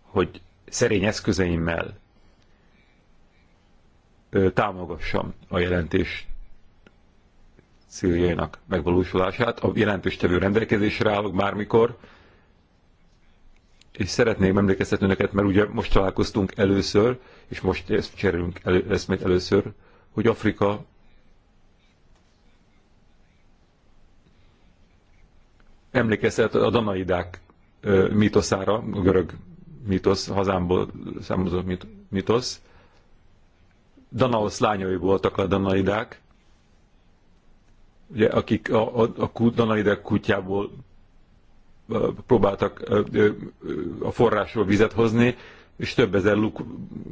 hogy szerény eszközeimmel támogassam a jelentés céljainak megvalósulását. A jelentéstevő rendelkezésre állok bármikor, és szeretném emlékeztetni önöket, mert ugye most találkoztunk először, és most ezt cserélünk elő, még először, hogy Afrika emlékeztet a danaidák mitoszára, a görög mitosz hazámból származó mitosz Danaosz lányai voltak a danaidák, ugye, akik a, a, a danaidák kutyából próbáltak a forrásról vizet hozni, és több ezer luk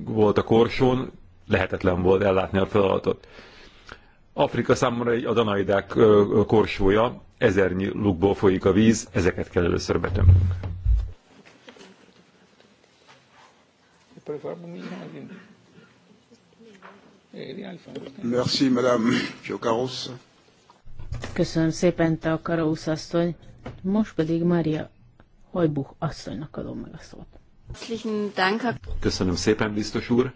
volt a korsón, lehetetlen volt ellátni a feladatot. Afrika számomra egy a danaidák korsója, ezernyi lukból folyik a víz, ezeket kell először betömnünk. Merci, Madame Köszönöm szépen, Takarósz asszony. Most pedig Mária Hajbuch asszonynak adom meg a szót. Köszönöm szépen, biztos úr.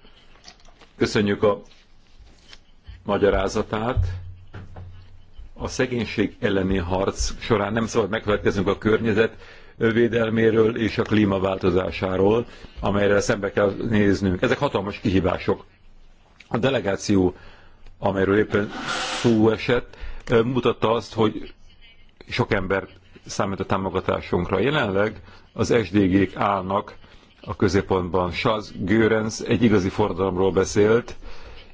Köszönjük a magyarázatát. A szegénység elleni harc során nem szabad megfelelkeznünk a környezet védelméről és a klímaváltozásáról, amelyre szembe kell néznünk. Ezek hatalmas kihívások. A delegáció, amelyről éppen szó esett, mutatta azt, hogy sok embert számít a támogatásunkra. Jelenleg az SDG-k állnak a középpontban. Saz Görens egy igazi forradalomról beszélt,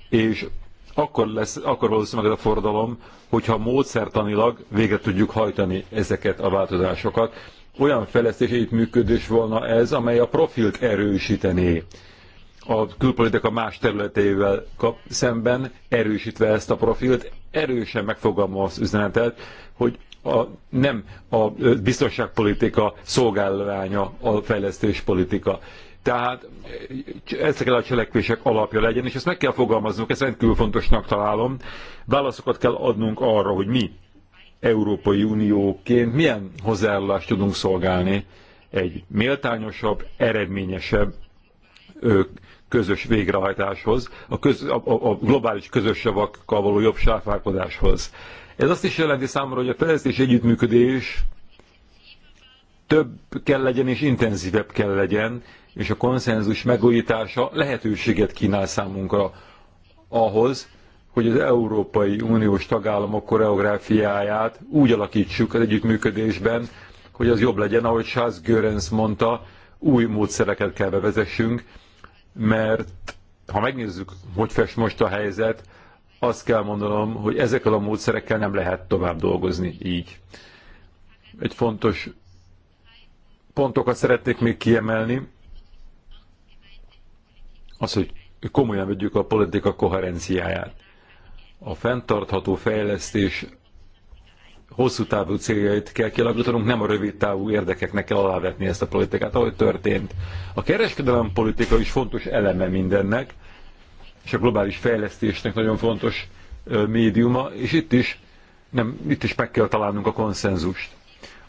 és akkor, lesz, akkor valószínűleg ez a forradalom, hogyha módszertanilag végre tudjuk hajtani ezeket a változásokat. Olyan fejlesztési működés volna ez, amely a profilt erősítené a külpolitika más területeivel kap, szemben, erősítve ezt a profilt, erősen megfogalmaz üzenetet, hogy a, nem a biztonságpolitika szolgálványa a fejlesztéspolitika. Tehát ezt kell a cselekvések alapja legyen, és ezt meg kell fogalmaznunk, ezt rendkívül fontosnak találom. Válaszokat kell adnunk arra, hogy mi Európai Unióként milyen hozzájárulást tudunk szolgálni egy méltányosabb, eredményesebb közös végrehajtáshoz, a, köz, a, a globális közös javakkal való jobb sárfárkodáshoz. Ez azt is jelenti számomra, hogy a fejlesztés együttműködés több kell legyen és intenzívebb kell legyen, és a konszenzus megújítása lehetőséget kínál számunkra ahhoz, hogy az Európai Uniós tagállamok koreográfiáját úgy alakítsuk az együttműködésben, hogy az jobb legyen, ahogy Charles Görens mondta, új módszereket kell bevezessünk, mert ha megnézzük, hogy fest most a helyzet, azt kell mondanom, hogy ezekkel a módszerekkel nem lehet tovább dolgozni így. Egy fontos pontokat szeretnék még kiemelni, az, hogy komolyan vegyük a politika koherenciáját. A fenntartható fejlesztés hosszú távú céljait kell kialakítanunk, nem a rövid távú érdekeknek kell alávetni ezt a politikát, ahogy történt. A kereskedelem politika is fontos eleme mindennek, és a globális fejlesztésnek nagyon fontos médiuma, és itt is, nem, itt is meg kell találnunk a konszenzust.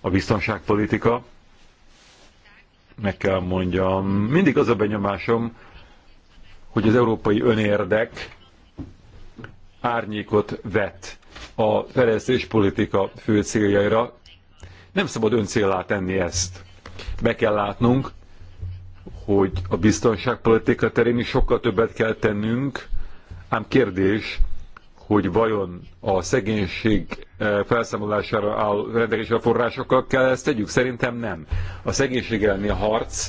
A biztonságpolitika, meg kell mondjam, mindig az a benyomásom, hogy az európai önérdek árnyékot vet a fejlesztéspolitika fő céljaira. Nem szabad öncéllá tenni ezt. Be kell látnunk, hogy a biztonságpolitika terén is sokkal többet kell tennünk, ám kérdés, hogy vajon a szegénység eh, felszámolására áll rendelkezésre a forrásokkal kell ezt tegyük? Szerintem nem. A szegénység elleni a harc,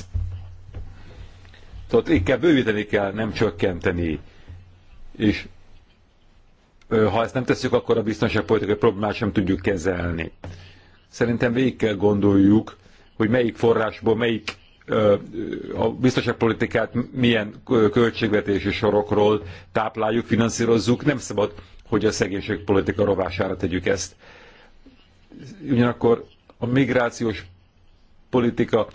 tehát inkább bővíteni kell, nem csökkenteni. És ha ezt nem tesszük, akkor a biztonságpolitikai problémát sem tudjuk kezelni. Szerintem végig kell gondoljuk, hogy melyik forrásból, melyik a biztonságpolitikát milyen költségvetési sorokról tápláljuk, finanszírozzuk, nem szabad, hogy a szegénységpolitika rovására tegyük ezt. Ugyanakkor a migrációs politika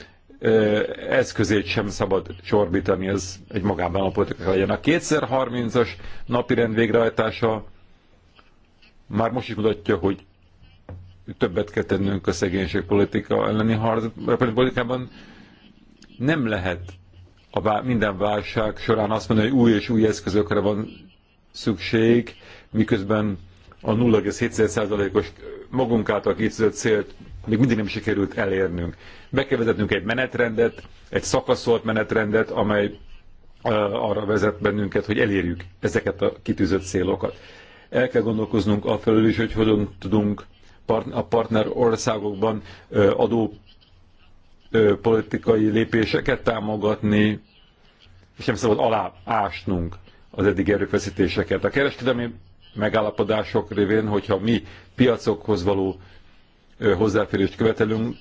eszközét sem szabad csorbítani, ez egy magában a politika legyen. A 2030-as rend végrehajtása már most is mutatja, hogy többet kell tennünk a szegénységpolitika elleni harc, politikában, nem lehet a vá minden válság során azt mondani, hogy új és új eszközökre van szükség, miközben a 0,7%-os magunk által készített célt még mindig nem sikerült elérnünk. Be kell vezetnünk egy menetrendet, egy szakaszolt menetrendet, amely arra vezet bennünket, hogy elérjük ezeket a kitűzött célokat. El kell gondolkoznunk felül is, hogy hogyan tudunk a partner országokban adó ö, politikai lépéseket támogatni, és nem szabad aláásnunk az eddig erőfeszítéseket. A kereskedelmi megállapodások révén, hogyha mi piacokhoz való ö, hozzáférést követelünk,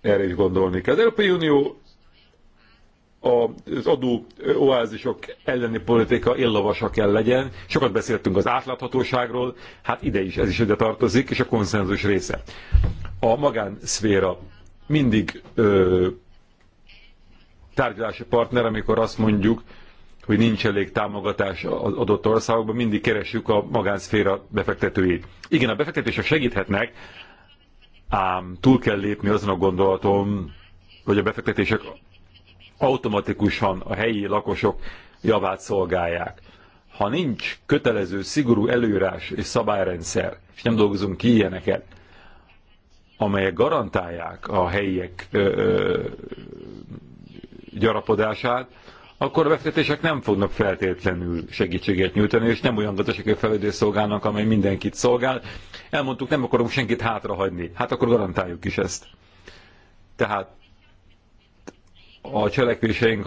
erre is gondolni kell. Az Európai Unió az adó oázisok elleni politika illavasa kell legyen. Sokat beszéltünk az átláthatóságról, hát ide is, ez is ide tartozik, és a konszenzus része a magánszféra mindig ö, tárgyalási partner, amikor azt mondjuk, hogy nincs elég támogatás az adott országokban, mindig keresjük a magánszféra befektetőit. Igen, a befektetések segíthetnek, ám túl kell lépni azon a gondolatom, hogy a befektetések automatikusan a helyi lakosok javát szolgálják. Ha nincs kötelező, szigorú előírás és szabályrendszer, és nem dolgozunk ki ilyeneket, amelyek garantálják a helyiek ö, ö, gyarapodását, akkor a befektetések nem fognak feltétlenül segítséget nyújtani, és nem olyan gazdasági fejlődés szolgálnak, amely mindenkit szolgál. Elmondtuk, nem akarunk senkit hátrahagyni. Hát akkor garantáljuk is ezt. Tehát a cselekvéseink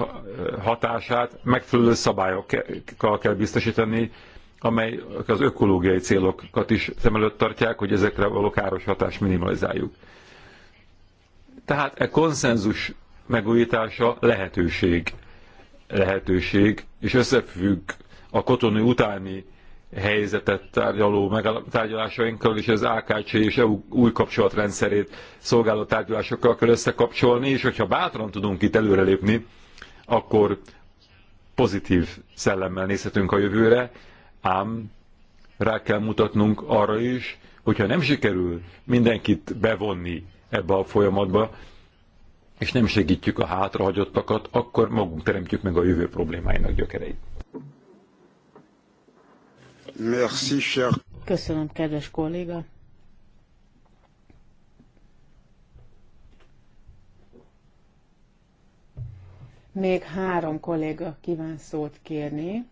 hatását megfelelő szabályokkal kell biztosítani, amely az ökológiai célokat is szem előtt tartják, hogy ezekre való káros hatást minimalizáljuk. Tehát e konszenzus megújítása lehetőség. Lehetőség, és összefügg a kotonai utáni helyzetet tárgyaló tárgyalásainkkal és az AKC és EU új kapcsolatrendszerét szolgáló tárgyalásokkal kell összekapcsolni, és hogyha bátran tudunk itt előrelépni, akkor pozitív szellemmel nézhetünk a jövőre, ám rá kell mutatnunk arra is, hogyha nem sikerül mindenkit bevonni ebbe a folyamatba, és nem segítjük a hátrahagyottakat, akkor magunk teremtjük meg a jövő problémáinak gyökereit. Merci, cher. Köszönöm, kedves kolléga. Még három kolléga kíván szót kérni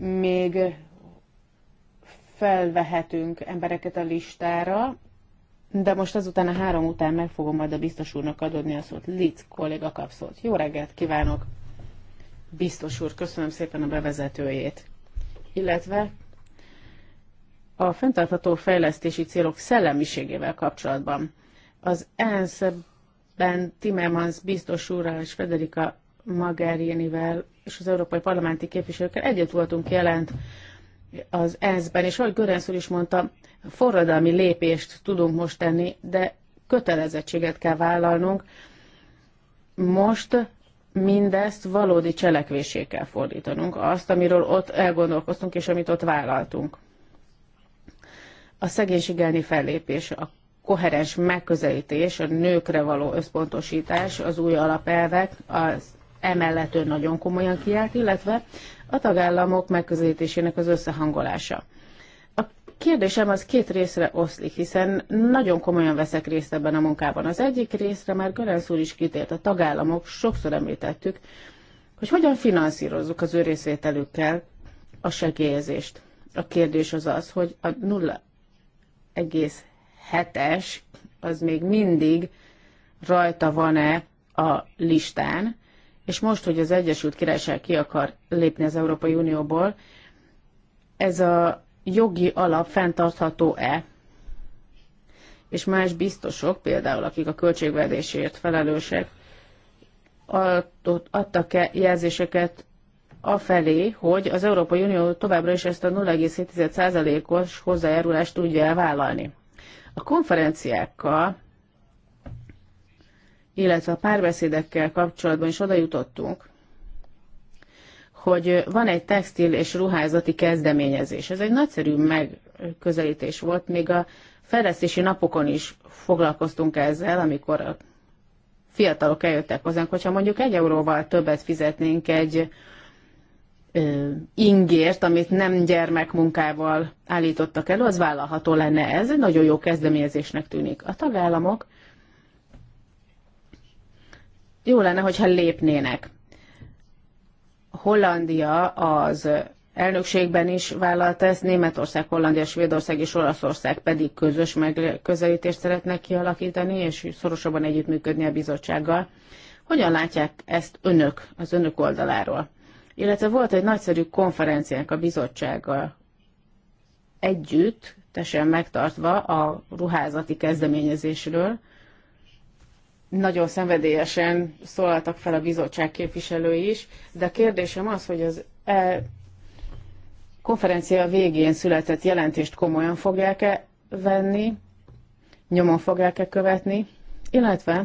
még felvehetünk embereket a listára, de most azután a három után meg fogom majd a biztos úrnak adodni a szót. Litz kolléga kap szót. Jó reggelt kívánok! Biztos úr, köszönöm szépen a bevezetőjét. Illetve a fenntartható fejlesztési célok szellemiségével kapcsolatban. Az ENSZ-ben Timmermans biztos úrral és Federica Magárénivel és az európai parlamenti képviselőkkel együtt voltunk jelent az ENSZ-ben, és ahogy Görensz úr is mondta, forradalmi lépést tudunk most tenni, de kötelezettséget kell vállalnunk. Most mindezt valódi cselekvésé kell fordítanunk, azt, amiről ott elgondolkoztunk, és amit ott vállaltunk. A szegénység elni fellépés, a koherens megközelítés, a nőkre való összpontosítás, az új alapelvek, az emellett ő nagyon komolyan kiállt, illetve a tagállamok megközelítésének az összehangolása. A kérdésem az két részre oszlik, hiszen nagyon komolyan veszek részt ebben a munkában. Az egyik részre már Görensz úr is kitért, a tagállamok, sokszor említettük, hogy hogyan finanszírozzuk az ő részvételükkel a segélyezést. A kérdés az az, hogy a 0,7-es az még mindig rajta van-e a listán, és most, hogy az Egyesült Királyság ki akar lépni az Európai Unióból, ez a jogi alap fenntartható-e? És más biztosok, például akik a költségvedésért felelősek, adtak-e jelzéseket afelé, hogy az Európai Unió továbbra is ezt a 0,7%-os hozzájárulást tudja elvállalni. A konferenciákkal illetve a párbeszédekkel kapcsolatban is oda jutottunk, hogy van egy textil és ruházati kezdeményezés. Ez egy nagyszerű megközelítés volt, még a fejlesztési napokon is foglalkoztunk ezzel, amikor a fiatalok eljöttek hozzánk, hogyha mondjuk egy euróval többet fizetnénk egy ö, ingért, amit nem gyermekmunkával állítottak elő, az vállalható lenne. Ez egy nagyon jó kezdeményezésnek tűnik. A tagállamok jó lenne, hogyha lépnének. Hollandia az elnökségben is vállalta ezt, Németország, Hollandia, Svédország és Olaszország pedig közös megközelítést szeretnek kialakítani, és szorosabban együttműködni a bizottsággal. Hogyan látják ezt önök, az önök oldaláról? Illetve volt egy nagyszerű konferenciánk a bizottsággal együtt, tesen megtartva a ruházati kezdeményezésről, nagyon szenvedélyesen szólaltak fel a bizottság képviselői is, de a kérdésem az, hogy az e konferencia végén született jelentést komolyan fogják-e venni, nyomon fogják-e követni, illetve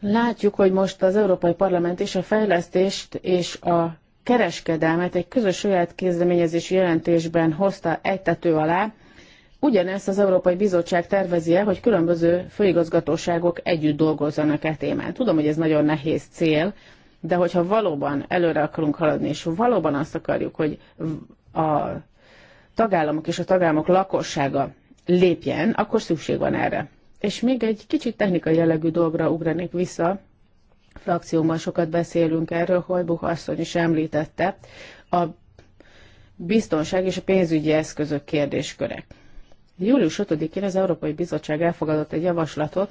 látjuk, hogy most az Európai Parlament is a fejlesztést és a kereskedelmet egy közös saját kezdeményezési jelentésben hozta tető alá, Ugyanezt az Európai Bizottság tervezi el, hogy különböző főigazgatóságok együtt dolgozzanak e témán. Tudom, hogy ez nagyon nehéz cél, de hogyha valóban előre akarunk haladni, és valóban azt akarjuk, hogy a tagállamok és a tagállamok lakossága lépjen, akkor szükség van erre. És még egy kicsit technikai jellegű dolgra ugranék vissza. Frakcióban sokat beszélünk erről, hogy asszony is említette, a biztonság és a pénzügyi eszközök kérdéskörek. Július 5-én az Európai Bizottság elfogadott egy javaslatot,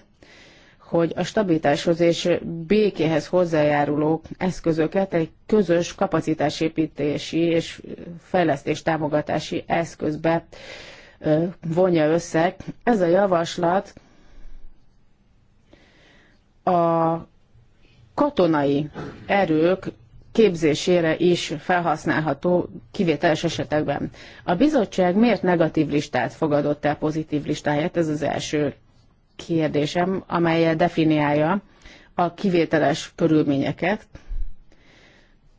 hogy a stabilitáshoz és békéhez hozzájáruló eszközöket egy közös kapacitásépítési és fejlesztés támogatási eszközbe vonja össze. Ez a javaslat a katonai erők képzésére is felhasználható kivételes esetekben. A bizottság miért negatív listát fogadott el pozitív listáját? Ez az első kérdésem, amelyel definiálja a kivételes körülményeket,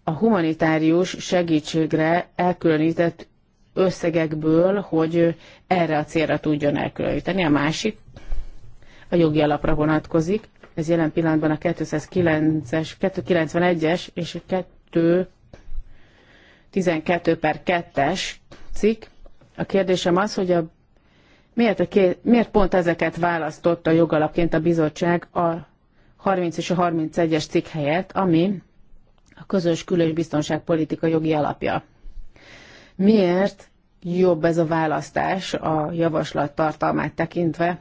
a humanitárius segítségre elkülönített összegekből, hogy erre a célra tudjon elkülöníteni. A másik a jogi alapra vonatkozik. Ez jelen pillanatban a 209-es, 291-es és a 212 per 2-es cikk. A kérdésem az, hogy a, miért, a ké, miért pont ezeket választotta jogalapként a bizottság a 30 és a 31-es cikk helyett, ami a közös kül- és biztonságpolitika jogi alapja. Miért jobb ez a választás a javaslat tartalmát tekintve,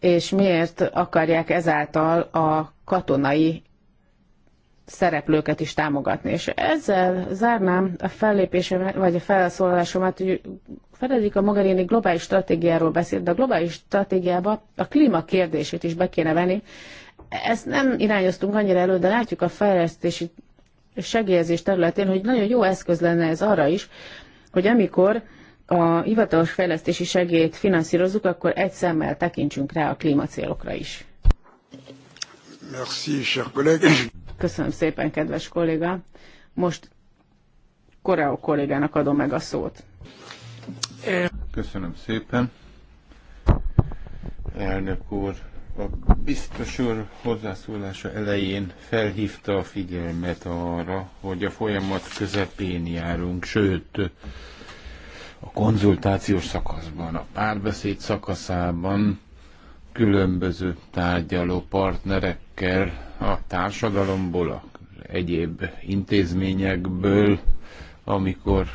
és miért akarják ezáltal a katonai szereplőket is támogatni. És ezzel zárnám a fellépésemet, vagy a felszólalásomat, hogy Federica Mogherini globális stratégiáról beszélt, de a globális stratégiába a klíma kérdését is be kéne venni. Ezt nem irányoztunk annyira elő, de látjuk a fejlesztési segélyezés területén, hogy nagyon jó eszköz lenne ez arra is, hogy amikor a hivatalos fejlesztési segélyt finanszírozunk, akkor egy szemmel tekintsünk rá a klímacélokra is. Merci, cher collègue. Köszönöm szépen, kedves kolléga. Most Koreó kollégának adom meg a szót. Köszönöm szépen. Elnök úr, a biztos úr hozzászólása elején felhívta a figyelmet arra, hogy a folyamat közepén járunk, sőt, a konzultációs szakaszban, a párbeszéd szakaszában különböző tárgyaló partnerekkel a társadalomból, a egyéb intézményekből, amikor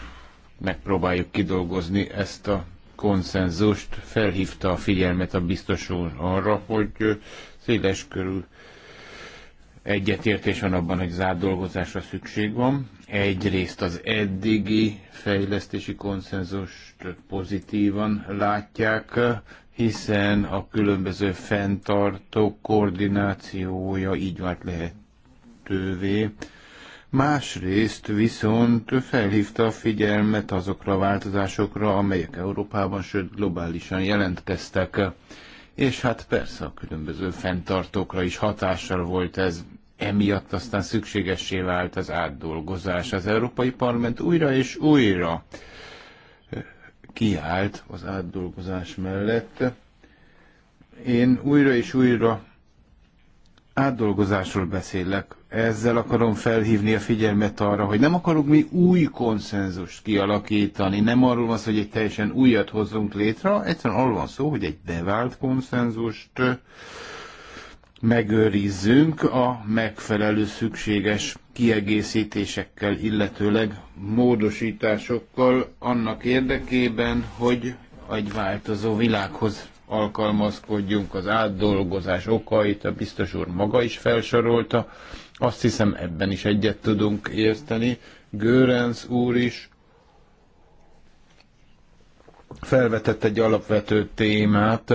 megpróbáljuk kidolgozni ezt a konszenzust, felhívta a figyelmet a biztos úr arra, hogy széles körül egyetértés van abban, hogy zárt dolgozásra szükség van, Egyrészt az eddigi fejlesztési konszenzust pozitívan látják, hiszen a különböző fenntartók koordinációja így vált lehetővé. Másrészt viszont felhívta a figyelmet azokra a változásokra, amelyek Európában, sőt globálisan jelentkeztek. És hát persze a különböző fenntartókra is hatással volt ez emiatt aztán szükségessé vált az átdolgozás. Az Európai Parlament újra és újra kiállt az átdolgozás mellett. Én újra és újra átdolgozásról beszélek. Ezzel akarom felhívni a figyelmet arra, hogy nem akarunk mi új konszenzust kialakítani. Nem arról van szó, hogy egy teljesen újat hozzunk létre, egyszerűen arról van szó, hogy egy bevált konszenzust megőrizzünk a megfelelő szükséges kiegészítésekkel, illetőleg módosításokkal annak érdekében, hogy egy változó világhoz alkalmazkodjunk, az átdolgozás okait, a biztos úr maga is felsorolta, azt hiszem ebben is egyet tudunk érteni. Görenc úr is felvetett egy alapvető témát,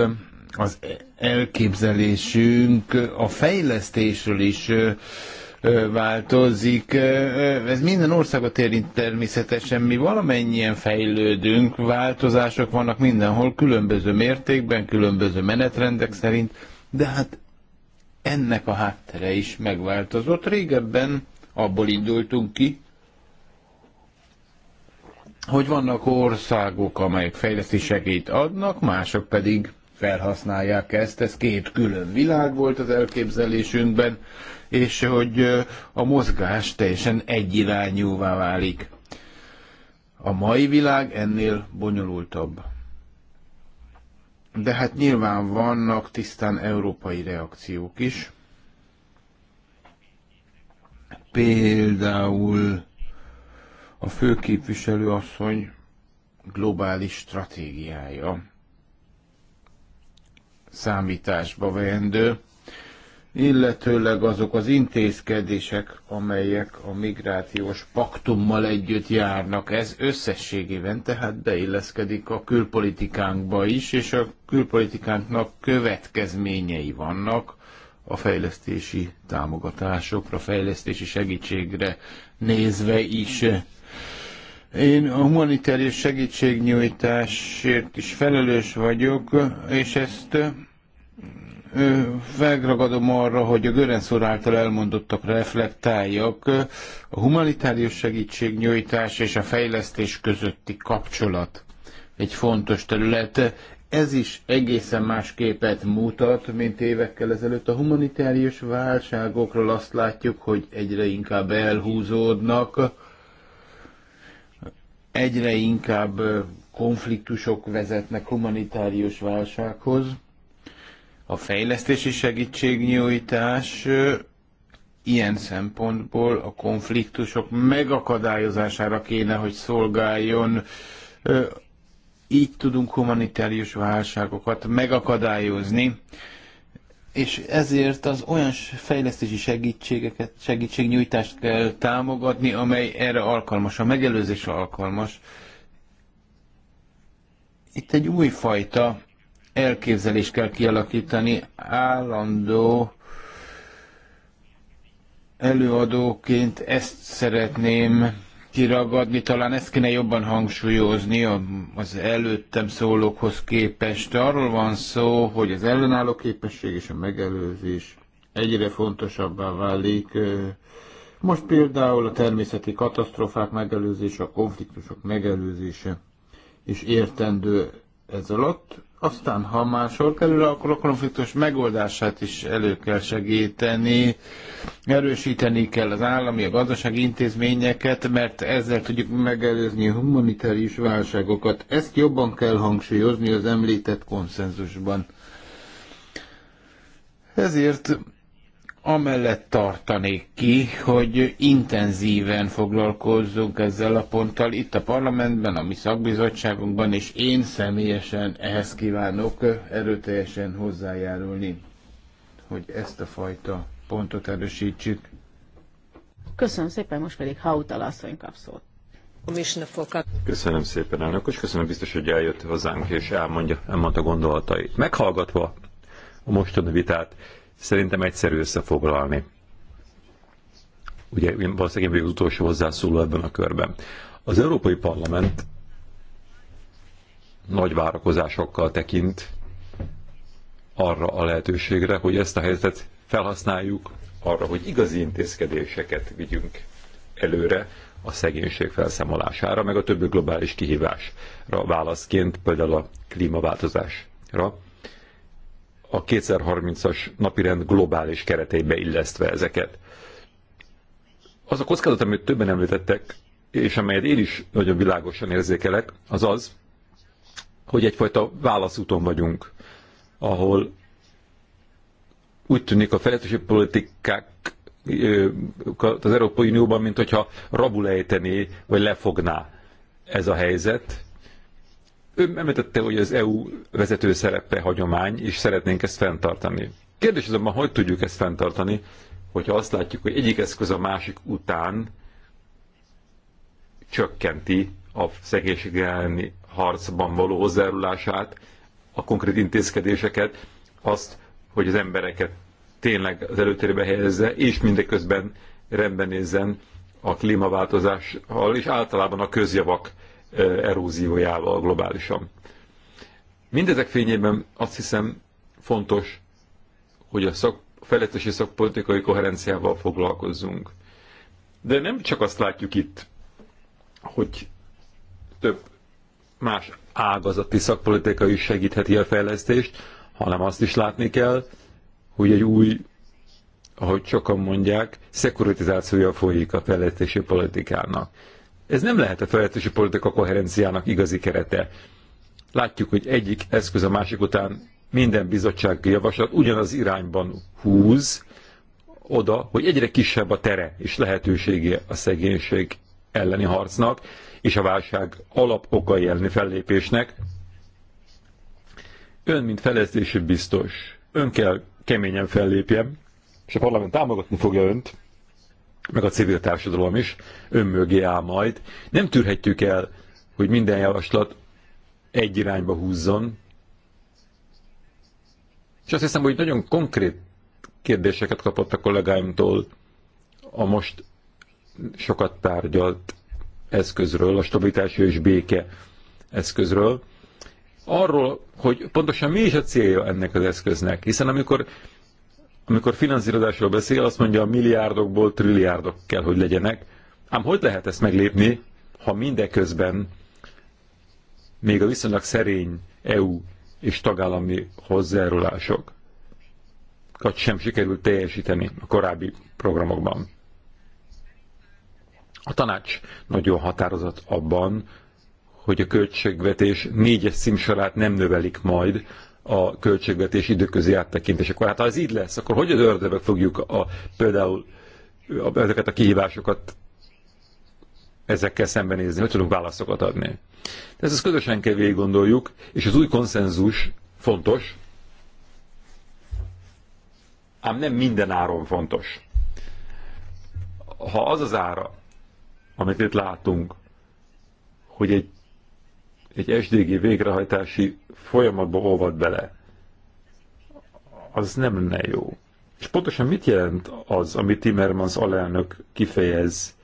az elképzelésünk a fejlesztésről is változik. Ez minden országot érint természetesen. Mi valamennyien fejlődünk, változások vannak mindenhol, különböző mértékben, különböző menetrendek szerint, de hát ennek a háttere is megváltozott. Régebben abból indultunk ki, hogy vannak országok, amelyek fejlesztéseket adnak, mások pedig felhasználják ezt. Ez két külön világ volt az elképzelésünkben, és hogy a mozgás teljesen egyirányúvá válik. A mai világ ennél bonyolultabb. De hát nyilván vannak tisztán európai reakciók is. Például a főképviselő asszony globális stratégiája számításba vendő, illetőleg azok az intézkedések, amelyek a migrációs paktummal együtt járnak. Ez összességében tehát beilleszkedik a külpolitikánkba is, és a külpolitikánknak következményei vannak a fejlesztési támogatásokra, fejlesztési segítségre nézve is. Én a humanitárius segítségnyújtásért is felelős vagyok, és ezt felragadom arra, hogy a Görenszor által elmondottakra reflektáljak. A humanitárius segítségnyújtás és a fejlesztés közötti kapcsolat egy fontos terület. Ez is egészen más képet mutat, mint évekkel ezelőtt. A humanitárius válságokról azt látjuk, hogy egyre inkább elhúzódnak egyre inkább konfliktusok vezetnek humanitárius válsághoz. A fejlesztési segítségnyújtás ilyen szempontból a konfliktusok megakadályozására kéne, hogy szolgáljon. Így tudunk humanitárius válságokat megakadályozni és ezért az olyan fejlesztési segítségeket, segítségnyújtást kell támogatni, amely erre alkalmas, a megelőzésre alkalmas. Itt egy újfajta elképzelést kell kialakítani, állandó előadóként ezt szeretném kiragadni, talán ezt kéne jobban hangsúlyozni az előttem szólókhoz képest. Arról van szó, hogy az ellenálló képesség és a megelőzés egyre fontosabbá válik. Most például a természeti katasztrófák megelőzése, a konfliktusok megelőzése is értendő ez alatt. Aztán, ha már sor kerül, akkor a konfliktus megoldását is elő kell segíteni, erősíteni kell az állami, a gazdasági intézményeket, mert ezzel tudjuk megelőzni a humanitárius válságokat. Ezt jobban kell hangsúlyozni az említett konszenzusban. Ezért amellett tartanék ki, hogy intenzíven foglalkozzunk ezzel a ponttal itt a parlamentben, a mi szakbizottságunkban, és én személyesen ehhez kívánok erőteljesen hozzájárulni, hogy ezt a fajta pontot erősítsük. Köszönöm szépen, most pedig Hautala asszony kap szót. Köszönöm szépen, elnök, és köszönöm biztos, hogy eljött hozzánk, és elmondja, elmondta gondolatait. Meghallgatva a mostani vitát, szerintem egyszerű összefoglalni. Ugye én valószínűleg én utolsó hozzászóló ebben a körben. Az Európai Parlament nagy várakozásokkal tekint arra a lehetőségre, hogy ezt a helyzetet felhasználjuk arra, hogy igazi intézkedéseket vigyünk előre a szegénység felszámolására, meg a többi globális kihívásra válaszként, például a klímaváltozásra a 2030-as napirend globális keretébe illesztve ezeket. Az a kockázat, amit többen említettek, és amelyet én is nagyon világosan érzékelek, az az, hogy egyfajta válaszúton vagyunk, ahol úgy tűnik a fejlesztési politikák az Európai Unióban, mint hogyha rabulejtené, vagy lefogná ez a helyzet, Ön említette, hogy az EU vezető szerepe hagyomány, és szeretnénk ezt fenntartani. Kérdés azonban, hogy tudjuk ezt fenntartani, hogyha azt látjuk, hogy egyik eszköz a másik után csökkenti a szegénység elleni harcban való hozzárulását, a konkrét intézkedéseket, azt, hogy az embereket tényleg az előtérbe helyezze, és mindeközben rendben nézzen a klímaváltozással, és általában a közjavak eróziójával globálisan. Mindezek fényében azt hiszem fontos, hogy a szak, felettesi szakpolitikai koherenciával foglalkozzunk. De nem csak azt látjuk itt, hogy több más ágazati szakpolitika is segítheti a fejlesztést, hanem azt is látni kell, hogy egy új, ahogy sokan mondják, szekuritizációja folyik a fejlesztési politikának. Ez nem lehet a fejlesztési politika koherenciának igazi kerete. Látjuk, hogy egyik eszköz a másik után minden bizottsági javaslat ugyanaz irányban húz, oda, hogy egyre kisebb a tere és lehetősége a szegénység elleni harcnak és a válság okai elleni fellépésnek. Ön, mint fejlesztési biztos, ön kell keményen fellépjem, és a parlament támogatni fogja önt, meg a civil társadalom is önmögé áll majd. Nem tűrhetjük el, hogy minden javaslat egy irányba húzzon. És azt hiszem, hogy nagyon konkrét kérdéseket kapott a kollégáimtól a most sokat tárgyalt eszközről, a stabilitási és béke eszközről, arról, hogy pontosan mi is a célja ennek az eszköznek. Hiszen amikor amikor finanszírozásról beszél, azt mondja, a milliárdokból trilliárdok kell, hogy legyenek. Ám hogy lehet ezt meglépni, ha mindeközben még a viszonylag szerény EU és tagállami hozzájárulásokat sem sikerült teljesíteni a korábbi programokban. A tanács nagyon határozott abban, hogy a költségvetés négyes szímsorát nem növelik majd a költségvetés időközi Akkor Hát ha ez így lesz, akkor hogy az ördöbe fogjuk a, például a, ezeket a kihívásokat ezekkel szembenézni, hogy tudunk válaszokat adni. De ezt, ezt közösen kell végig gondoljuk, és az új konszenzus fontos, ám nem minden áron fontos. Ha az az ára, amit itt látunk, hogy egy egy SDG végrehajtási folyamatba olvad bele. Az nem lenne jó. És pontosan mit jelent az, amit Timmermans alelnök kifejez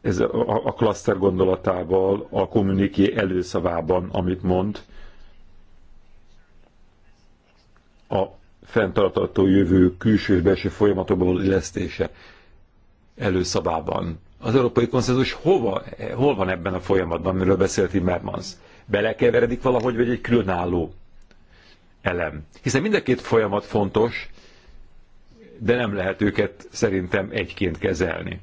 ez a, a klaszter gondolatával, a kommuniké előszavában, amit mond, a fenntartató jövő külső és belső folyamatokból illesztése előszabában az európai konszenzus hova, hol van ebben a folyamatban, amiről beszélt Timmermans? Belekeveredik valahogy, vagy egy különálló elem? Hiszen mind a két folyamat fontos, de nem lehet őket szerintem egyként kezelni.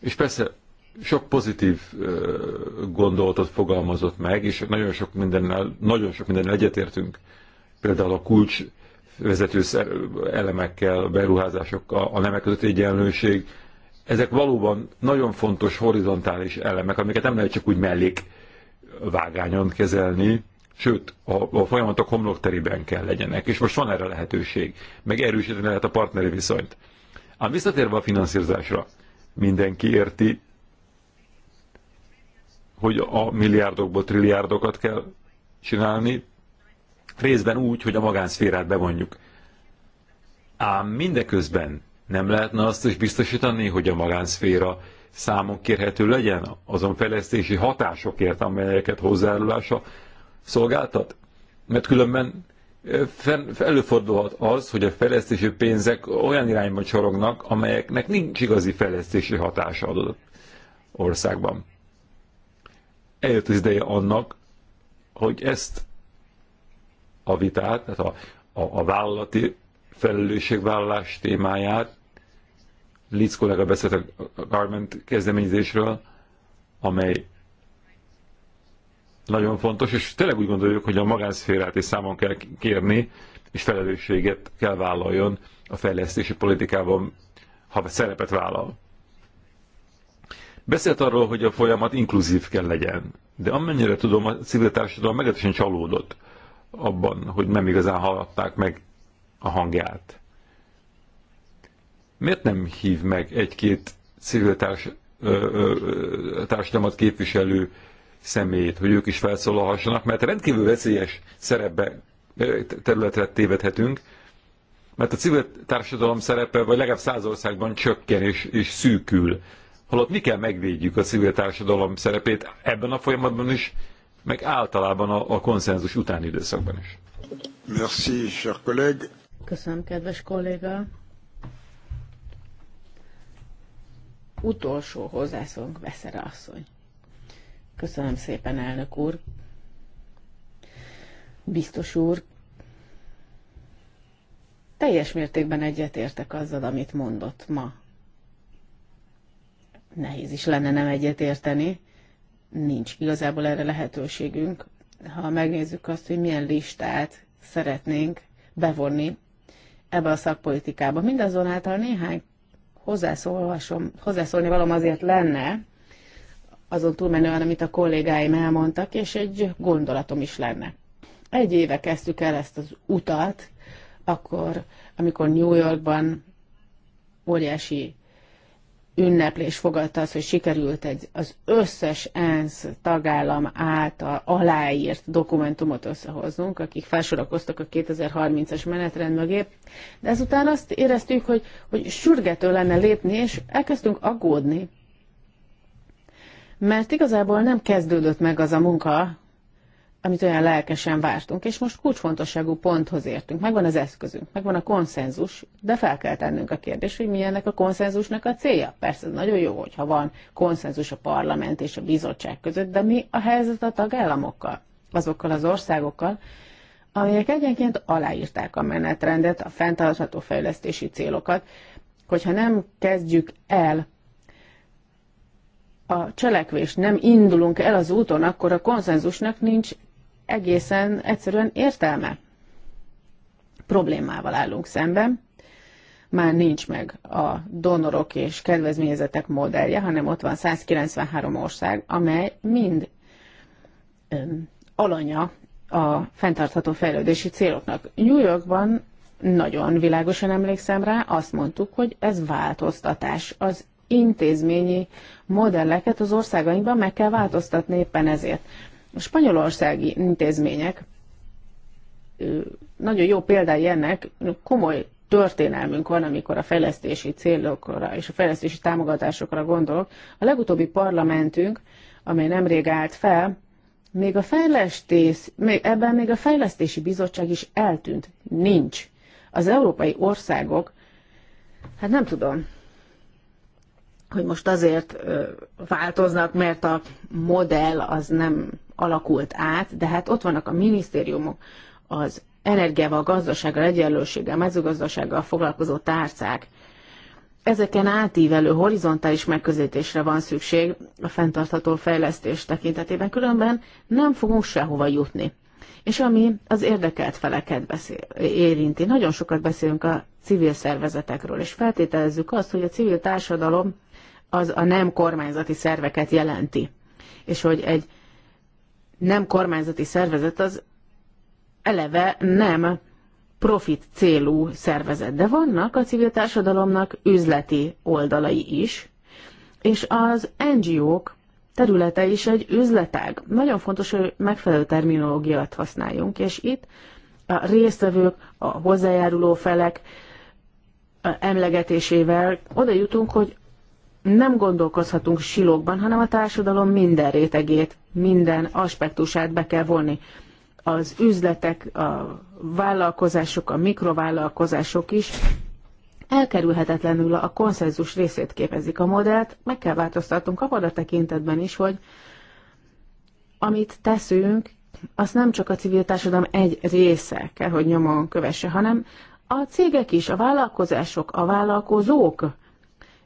És persze sok pozitív gondolatot fogalmazott meg, és nagyon sok mindennel, nagyon sok mindennel egyetértünk. Például a kulcs vezető elemekkel, beruházásokkal, a nemek között egyenlőség, ezek valóban nagyon fontos horizontális elemek, amiket nem lehet csak úgy mellék vágányon kezelni, sőt, a, a folyamatok homlokterében kell legyenek, és most van erre lehetőség, meg erősíteni lehet a partneri viszonyt. Ám visszatérve a finanszírozásra, mindenki érti, hogy a milliárdokból trilliárdokat kell csinálni, részben úgy, hogy a magánszférát bevonjuk. Ám mindeközben nem lehetne azt is biztosítani, hogy a magánszféra számon kérhető legyen azon fejlesztési hatásokért, amelyeket hozzájárulása szolgáltat? Mert különben előfordulhat az, hogy a fejlesztési pénzek olyan irányba csorognak, amelyeknek nincs igazi fejlesztési hatása adott országban. Eljött az ideje annak, hogy ezt a vitát, tehát a, a, a vállalati felelősségvállalás témáját. Litz kollega beszélt a Garment kezdeményezésről, amely nagyon fontos, és tényleg úgy gondoljuk, hogy a magánszférát is számon kell kérni, és felelősséget kell vállaljon a fejlesztési politikában, ha szerepet vállal. Beszélt arról, hogy a folyamat inkluzív kell legyen, de amennyire tudom, a civil társadalom meglehetősen csalódott abban, hogy nem igazán hallatták meg a hangját. Miért nem hív meg egy-két civil társ, ö, ö, társadalmat képviselő személyét, hogy ők is felszólalhassanak, mert rendkívül veszélyes szerepbe, területre tévedhetünk, mert a civil társadalom szerepe, vagy legalább száz országban csökken és, és szűkül. Holott mi kell megvédjük a civil társadalom szerepét ebben a folyamatban is, meg általában a, a konszenzus utáni időszakban is. Merci, cher collègue. Köszönöm, kedves kolléga. Utolsó hozzászólunk, Veszere asszony. Köszönöm szépen, elnök úr. Biztos úr, teljes mértékben egyetértek azzal, amit mondott ma. Nehéz is lenne nem egyetérteni, nincs igazából erre lehetőségünk. Ha megnézzük azt, hogy milyen listát szeretnénk bevonni ebbe a szakpolitikába. Mindazonáltal néhány hozzászólni valam azért lenne, azon túlmenően, amit a kollégáim elmondtak, és egy gondolatom is lenne. Egy éve kezdtük el ezt az utat, akkor, amikor New Yorkban óriási ünneplés fogadta az, hogy sikerült egy, az összes ENSZ tagállam által aláírt dokumentumot összehoznunk, akik felsorakoztak a 2030-as menetrend mögé, de ezután azt éreztük, hogy, hogy sürgető lenne lépni, és elkezdtünk aggódni, mert igazából nem kezdődött meg az a munka, amit olyan lelkesen vártunk, és most kulcsfontosságú ponthoz értünk. Megvan az eszközünk, megvan a konszenzus, de fel kell tennünk a kérdés, hogy mi ennek a konszenzusnak a célja. Persze nagyon jó, hogyha van konszenzus a parlament és a bizottság között, de mi a helyzet a tagállamokkal, azokkal az országokkal, amelyek egyenként aláírták a menetrendet, a fenntartható fejlesztési célokat, hogyha nem kezdjük el a cselekvés, nem indulunk el az úton, akkor a konszenzusnak nincs egészen egyszerűen értelme. Problémával állunk szemben, már nincs meg a donorok és kedvezményezetek modellje, hanem ott van 193 ország, amely mind alanya a fenntartható fejlődési céloknak. New Yorkban nagyon világosan emlékszem rá, azt mondtuk, hogy ez változtatás. Az intézményi modelleket az országainkban meg kell változtatni éppen ezért. A spanyolországi intézmények nagyon jó példája ennek, komoly történelmünk van, amikor a fejlesztési célokra és a fejlesztési támogatásokra gondolok. A legutóbbi parlamentünk, amely nemrég állt fel, még a fejlesztés, még ebben még a fejlesztési bizottság is eltűnt. Nincs. Az európai országok, hát nem tudom, hogy most azért változnak, mert a modell az nem alakult át, de hát ott vannak a minisztériumok, az energiával, gazdasággal, egyenlőséggel, mezőgazdasággal foglalkozó tárcák. Ezeken átívelő horizontális megközelítésre van szükség a fenntartható fejlesztés tekintetében, különben nem fogunk sehova jutni. És ami az érdekelt feleket beszél, érinti, nagyon sokat beszélünk a civil szervezetekről, és feltételezzük azt, hogy a civil társadalom az a nem kormányzati szerveket jelenti, és hogy egy nem kormányzati szervezet az eleve nem profit célú szervezet, de vannak a civil társadalomnak üzleti oldalai is, és az NGO-k területe is egy üzletág. Nagyon fontos, hogy megfelelő terminológiát használjunk, és itt a résztvevők, a hozzájáruló felek emlegetésével oda jutunk, hogy nem gondolkozhatunk silókban, hanem a társadalom minden rétegét, minden aspektusát be kell vonni. Az üzletek, a vállalkozások, a mikrovállalkozások is elkerülhetetlenül a konszenzus részét képezik a modellt, meg kell változtatnunk abban a tekintetben is, hogy amit teszünk, azt nem csak a civil társadalom egy része kell, hogy nyomon kövesse, hanem a cégek is, a vállalkozások, a vállalkozók,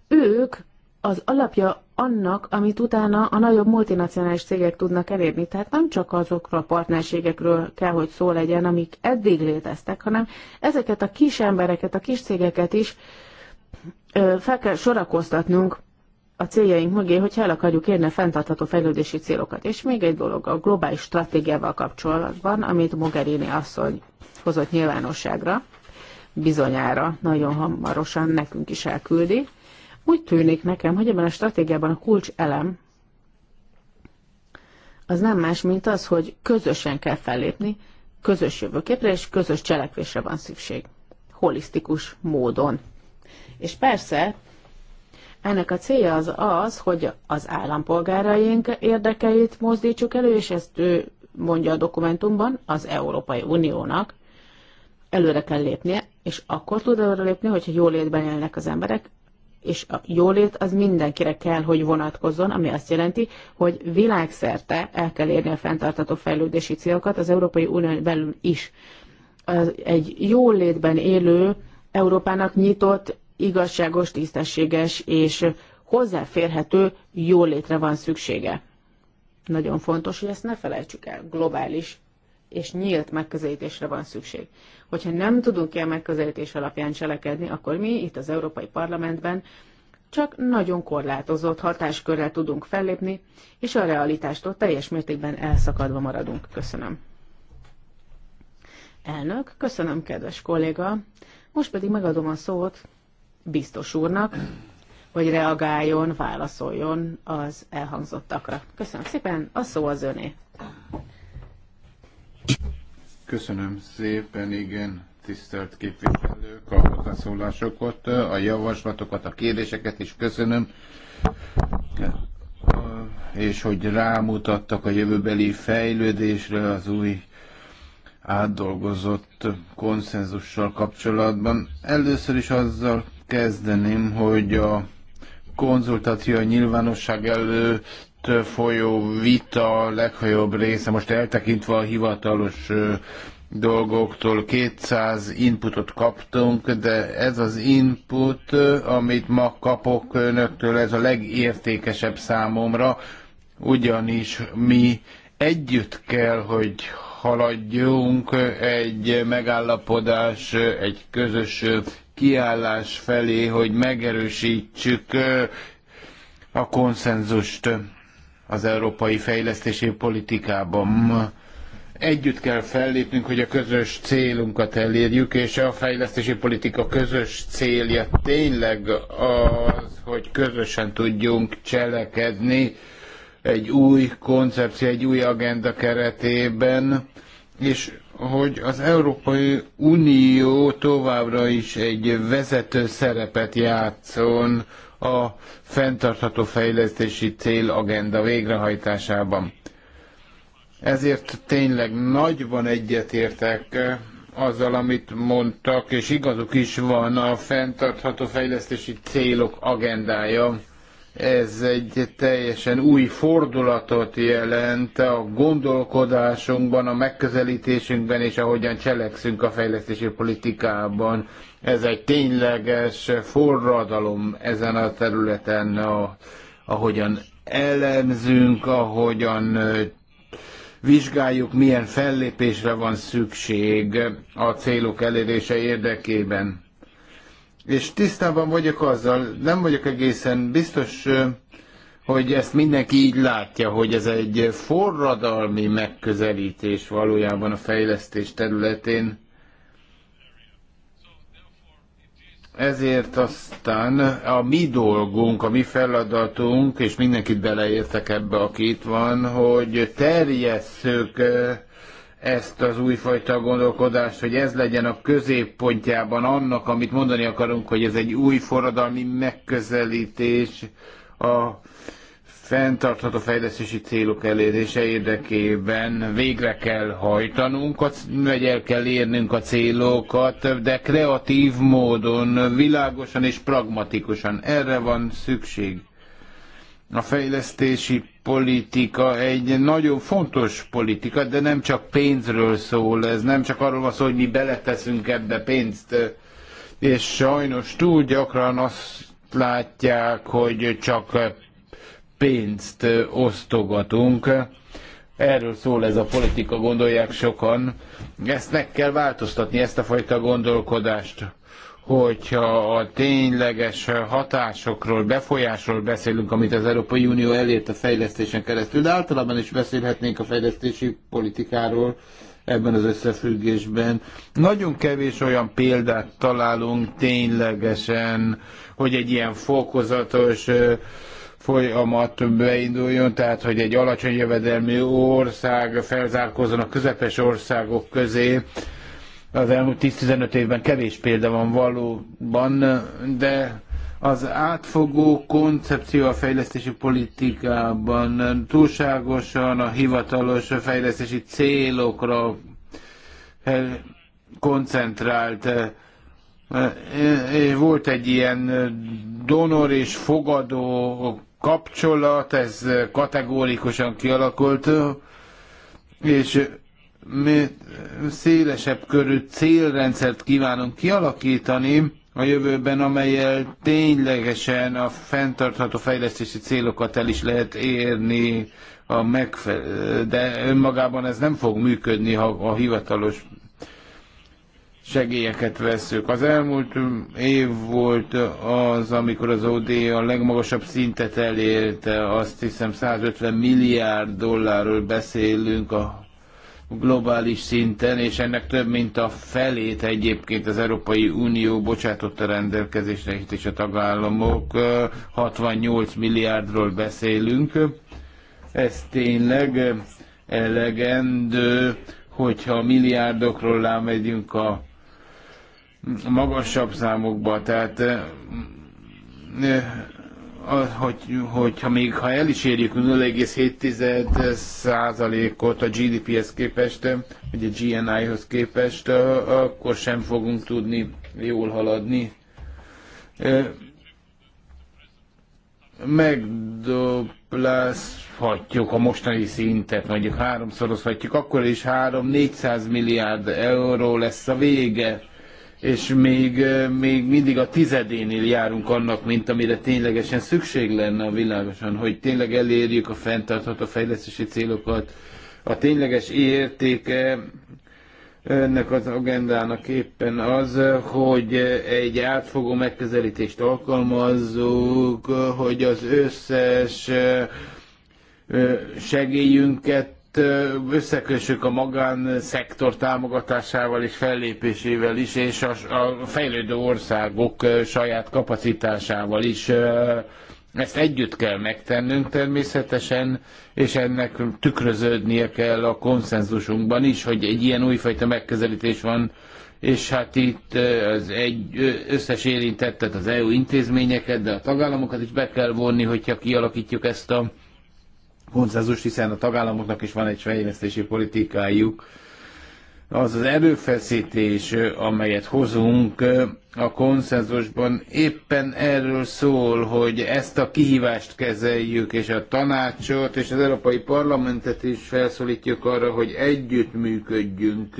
ők az alapja annak, amit utána a nagyobb multinacionális cégek tudnak elérni. Tehát nem csak azokról a partnerségekről kell, hogy szó legyen, amik eddig léteztek, hanem ezeket a kis embereket, a kis cégeket is fel kell sorakoztatnunk a céljaink mögé, hogyha el akarjuk érni a fenntartható fejlődési célokat. És még egy dolog a globális stratégiával kapcsolatban, amit Mogherini asszony hozott nyilvánosságra, bizonyára nagyon hamarosan nekünk is elküldi. Úgy tűnik nekem, hogy ebben a stratégiában a kulcs elem az nem más, mint az, hogy közösen kell fellépni, közös jövőképre és közös cselekvésre van szükség. Holisztikus módon. És persze ennek a célja az az, hogy az állampolgáraink érdekeit mozdítsuk elő, és ezt ő mondja a dokumentumban, az Európai Uniónak előre kell lépnie, és akkor tud előre lépni, hogyha jól létben élnek az emberek, és a jólét az mindenkire kell, hogy vonatkozzon, ami azt jelenti, hogy világszerte el kell érni a fenntartató fejlődési célokat az Európai Unión belül is. Az egy jólétben élő Európának nyitott, igazságos, tisztességes és hozzáférhető jólétre van szüksége. Nagyon fontos, hogy ezt ne felejtsük el. Globális és nyílt megközelítésre van szükség. Hogyha nem tudunk ilyen megközelítés alapján cselekedni, akkor mi itt az Európai Parlamentben csak nagyon korlátozott hatáskörrel tudunk fellépni, és a realitástól teljes mértékben elszakadva maradunk. Köszönöm. Elnök, köszönöm, kedves kolléga. Most pedig megadom a szót biztos úrnak, hogy reagáljon, válaszoljon az elhangzottakra. Köszönöm szépen, a szó az öné. Köszönöm szépen, igen, tisztelt képviselők, a hozzászólásokat, a javaslatokat, a kérdéseket is köszönöm és hogy rámutattak a jövőbeli fejlődésre az új átdolgozott konszenzussal kapcsolatban. Először is azzal kezdeném, hogy a konzultáció a nyilvánosság elő folyó vita leghajobb része, most eltekintve a hivatalos dolgoktól 200 inputot kaptunk, de ez az input, amit ma kapok önöktől, ez a legértékesebb számomra, ugyanis mi együtt kell, hogy haladjunk egy megállapodás, egy közös kiállás felé, hogy megerősítsük a konszenzust az európai fejlesztési politikában. Együtt kell fellépnünk, hogy a közös célunkat elérjük, és a fejlesztési politika közös célja tényleg az, hogy közösen tudjunk cselekedni egy új koncepció, egy új agenda keretében, és hogy az Európai Unió továbbra is egy vezető szerepet játszon a fenntartható fejlesztési cél agenda végrehajtásában. Ezért tényleg nagyban egyetértek eh, azzal, amit mondtak, és igazuk is van a fenntartható fejlesztési célok agendája. Ez egy teljesen új fordulatot jelent a gondolkodásunkban, a megközelítésünkben és ahogyan cselekszünk a fejlesztési politikában. Ez egy tényleges forradalom ezen a területen, a, ahogyan elemzünk, ahogyan vizsgáljuk, milyen fellépésre van szükség a célok elérése érdekében. És tisztában vagyok azzal, nem vagyok egészen biztos, hogy ezt mindenki így látja, hogy ez egy forradalmi megközelítés valójában a fejlesztés területén. Ezért aztán a mi dolgunk, a mi feladatunk, és mindenkit beleértek ebbe, aki itt van, hogy terjesszük ezt az újfajta gondolkodást, hogy ez legyen a középpontjában annak, amit mondani akarunk, hogy ez egy új forradalmi megközelítés a fenntartható fejlesztési célok elérése érdekében végre kell hajtanunk, vagy el kell érnünk a célokat, de kreatív módon, világosan és pragmatikusan. Erre van szükség. A fejlesztési politika egy nagyon fontos politika, de nem csak pénzről szól, ez nem csak arról van szó, hogy mi beleteszünk ebbe pénzt, és sajnos túl gyakran azt látják, hogy csak pénzt osztogatunk. Erről szól ez a politika, gondolják sokan. Ezt meg kell változtatni, ezt a fajta gondolkodást hogyha a tényleges hatásokról, befolyásról beszélünk, amit az Európai Unió elért a fejlesztésen keresztül, de általában is beszélhetnénk a fejlesztési politikáról ebben az összefüggésben. Nagyon kevés olyan példát találunk ténylegesen, hogy egy ilyen fokozatos folyamat beinduljon, tehát hogy egy alacsony jövedelmi ország felzárkózzon a közepes országok közé. Az elmúlt 10-15 évben kevés példa van valóban, de az átfogó koncepció a fejlesztési politikában túlságosan a hivatalos fejlesztési célokra koncentrált. Volt egy ilyen donor és fogadó kapcsolat, ez kategórikusan kialakult, és mi szélesebb körű célrendszert kívánunk kialakítani a jövőben, amelyel ténylegesen a fenntartható fejlesztési célokat el is lehet érni, a megfe- de önmagában ez nem fog működni, ha a hivatalos segélyeket veszük. Az elmúlt mm, év volt az, amikor az OD a legmagasabb szintet elérte, azt hiszem 150 milliárd dollárról beszélünk a globális szinten, és ennek több mint a felét egyébként az Európai Unió bocsátotta rendelkezésre, itt is a tagállamok 68 milliárdról beszélünk. Ez tényleg elegendő, hogyha milliárdokról lámegyünk a magasabb számokba, tehát hogy, hogyha még ha el is érjük 0,7 százalékot a GDP-hez képest, vagy a GNI-hoz képest, akkor sem fogunk tudni jól haladni. Megdoblázhatjuk a mostani szintet, mondjuk háromszorozhatjuk, akkor is 3-400 milliárd euró lesz a vége és még, még mindig a tizedénél járunk annak, mint amire ténylegesen szükség lenne a világosan, hogy tényleg elérjük a fenntartható fejlesztési célokat. A tényleges értéke ennek az agendának éppen az, hogy egy átfogó megközelítést alkalmazzuk, hogy az összes segélyünket összekössük a magánszektor támogatásával és fellépésével is, és a, a fejlődő országok saját kapacitásával is. Ezt együtt kell megtennünk természetesen, és ennek tükröződnie kell a konszenzusunkban is, hogy egy ilyen újfajta megközelítés van, és hát itt az egy összes érintettet, az EU intézményeket, de a tagállamokat is be kell vonni, hogyha kialakítjuk ezt a konzenzus, hiszen a tagállamoknak is van egy fejlesztési politikájuk. Az az erőfeszítés, amelyet hozunk a konszenzusban, éppen erről szól, hogy ezt a kihívást kezeljük, és a tanácsot, és az Európai Parlamentet is felszólítjuk arra, hogy együttműködjünk,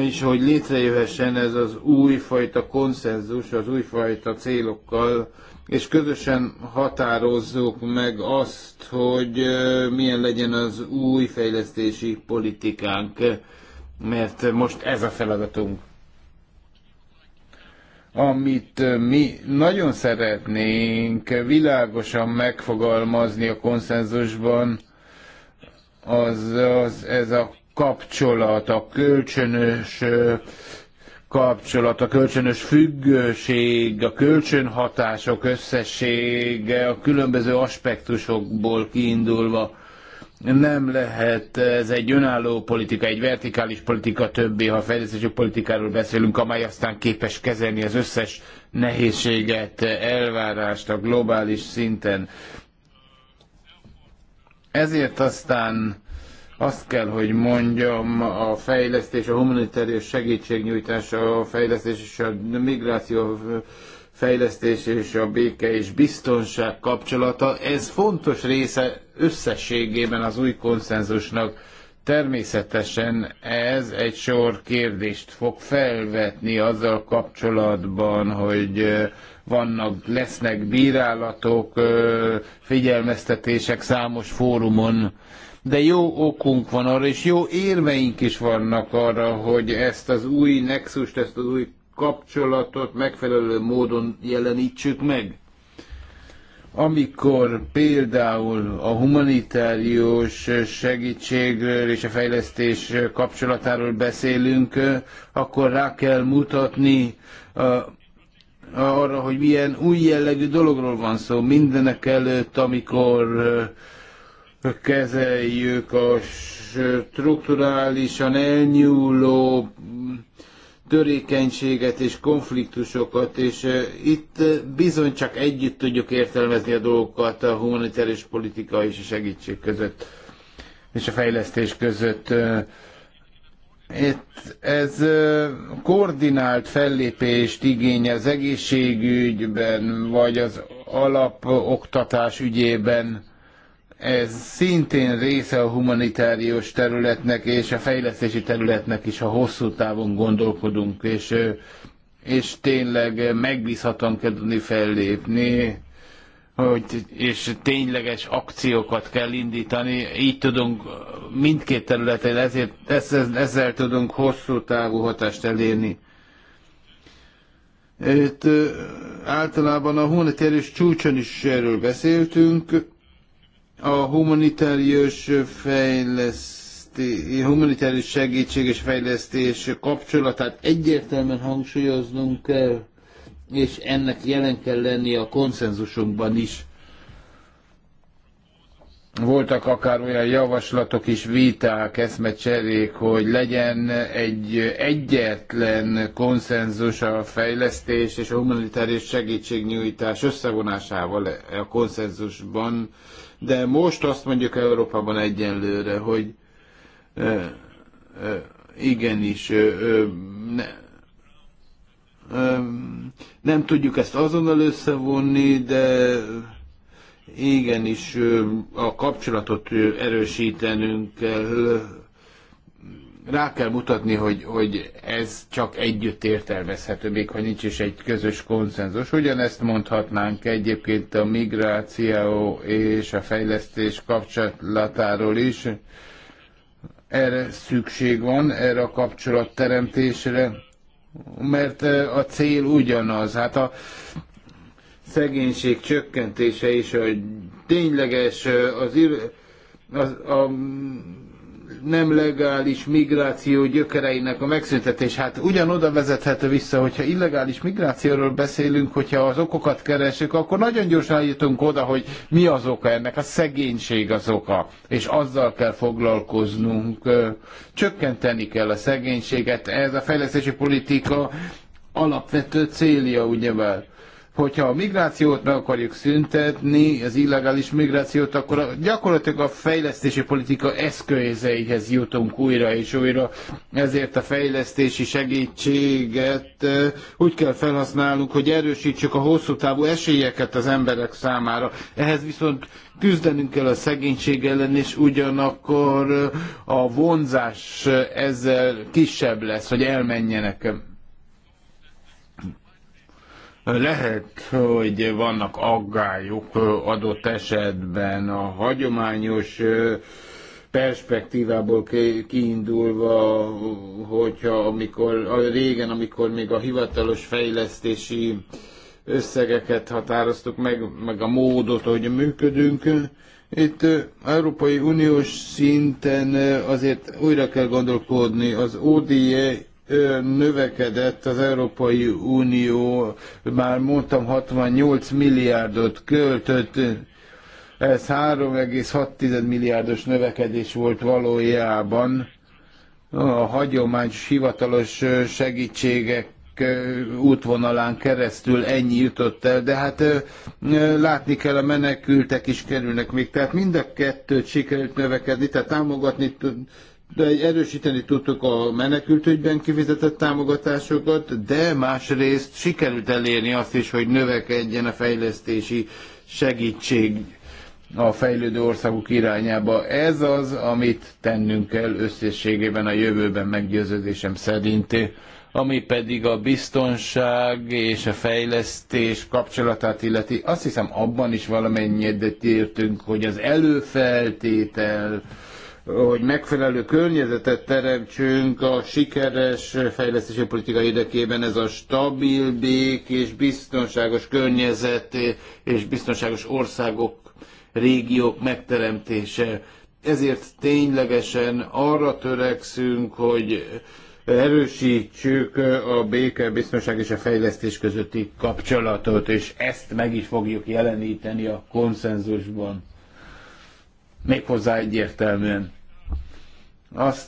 és hogy létrejöhessen ez az újfajta konszenzus, az újfajta célokkal, és közösen határozzuk meg azt, hogy milyen legyen az új fejlesztési politikánk, mert most ez a feladatunk. Amit mi nagyon szeretnénk világosan megfogalmazni a konszenzusban, az, az ez a kapcsolat, a kölcsönös kapcsolat, a kölcsönös függőség, a kölcsönhatások összessége a különböző aspektusokból kiindulva nem lehet ez egy önálló politika, egy vertikális politika többé, ha fejlesztési politikáról beszélünk, amely aztán képes kezelni az összes nehézséget, elvárást a globális szinten. Ezért aztán azt kell, hogy mondjam, a fejlesztés, a humanitárius segítségnyújtás, a fejlesztés és a migráció fejlesztés és a béke és biztonság kapcsolata, ez fontos része összességében az új konszenzusnak. Természetesen ez egy sor kérdést fog felvetni azzal kapcsolatban, hogy vannak, lesznek bírálatok, figyelmeztetések számos fórumon, de jó okunk van arra, és jó érveink is vannak arra, hogy ezt az új nexus, ezt az új kapcsolatot megfelelő módon jelenítsük meg. Amikor például a humanitárius segítségről és a fejlesztés kapcsolatáról beszélünk, akkor rá kell mutatni arra, hogy milyen új jellegű dologról van szó. Mindenek előtt, amikor kezeljük a strukturálisan elnyúló törékenységet és konfliktusokat, és e, itt bizony csak együtt tudjuk értelmezni a dolgokat a humanitárius politika és a segítség között, és a fejlesztés között. E, itt ez e, koordinált fellépést igényel az egészségügyben, vagy az alapoktatás ügyében ez szintén része a humanitárius területnek és a fejlesztési területnek is, ha hosszú távon gondolkodunk, és, és tényleg megbízhatóan kell tudni fellépni, hogy, és tényleges akciókat kell indítani, így tudunk mindkét területen, ezért, ezzel, ezzel tudunk hosszú távú hatást elérni. Itt általában a humanitárius csúcson is erről beszéltünk, a humanitárius fejlesztés, humanitárius segítség és fejlesztés kapcsolatát egyértelműen hangsúlyoznunk kell, és ennek jelen kell lenni a konszenzusunkban is. Voltak akár olyan javaslatok is, viták, eszmecserék, hogy legyen egy egyetlen konszenzus a fejlesztés és a humanitárius segítségnyújtás összevonásával a konszenzusban de most azt mondjuk Európában egyenlőre, hogy ö, ö, igenis ö, ne, nem tudjuk ezt azonnal összevonni, de igenis a kapcsolatot erősítenünk kell rá kell mutatni, hogy, hogy ez csak együtt értelmezhető, még ha nincs is egy közös konszenzus. Ugyanezt mondhatnánk egyébként a migráció és a fejlesztés kapcsolatáról is. Erre szükség van, erre a kapcsolatteremtésre, mert a cél ugyanaz. Hát a szegénység csökkentése és hogy tényleges az, az a nem legális migráció gyökereinek a megszüntetés. Hát ugyanoda vezethető vissza, hogyha illegális migrációról beszélünk, hogyha az okokat keresünk, akkor nagyon gyorsan eljutunk oda, hogy mi az oka ennek, a szegénység az oka, és azzal kell foglalkoznunk. Csökkenteni kell a szegénységet, ez a fejlesztési politika alapvető célja, ugyebár hogyha a migrációt meg akarjuk szüntetni, az illegális migrációt, akkor a, gyakorlatilag a fejlesztési politika eszközeihez jutunk újra és újra. Ezért a fejlesztési segítséget eh, úgy kell felhasználnunk, hogy erősítsük a hosszú távú esélyeket az emberek számára. Ehhez viszont küzdenünk kell a szegénység ellen, és ugyanakkor eh, a vonzás eh, ezzel kisebb lesz, hogy elmenjenek lehet, hogy vannak aggályok adott esetben a hagyományos perspektívából kiindulva, hogyha amikor, régen, amikor még a hivatalos fejlesztési összegeket határoztuk meg, meg a módot, hogy működünk, itt Európai Uniós szinten azért újra kell gondolkodni. Az ODA e növekedett az Európai Unió, már mondtam 68 milliárdot költött, ez 3,6 milliárdos növekedés volt valójában. A hagyományos hivatalos segítségek útvonalán keresztül ennyi jutott el, de hát látni kell, a menekültek is kerülnek még, tehát mind a kettőt sikerült növekedni, tehát támogatni de erősíteni tudtuk a menekültügyben kifizetett támogatásokat, de másrészt sikerült elérni azt is, hogy növekedjen a fejlesztési segítség a fejlődő országok irányába. Ez az, amit tennünk kell összességében a jövőben meggyőződésem szerint, ami pedig a biztonság és a fejlesztés kapcsolatát illeti. Azt hiszem abban is valamennyi értünk, hogy az előfeltétel, hogy megfelelő környezetet teremtsünk a sikeres fejlesztési politika érdekében, ez a stabil, bék és biztonságos környezet és biztonságos országok, régiók megteremtése. Ezért ténylegesen arra törekszünk, hogy erősítsük a béke, biztonság és a fejlesztés közötti kapcsolatot, és ezt meg is fogjuk jeleníteni a konszenzusban. Méghozzá egyértelműen. Azt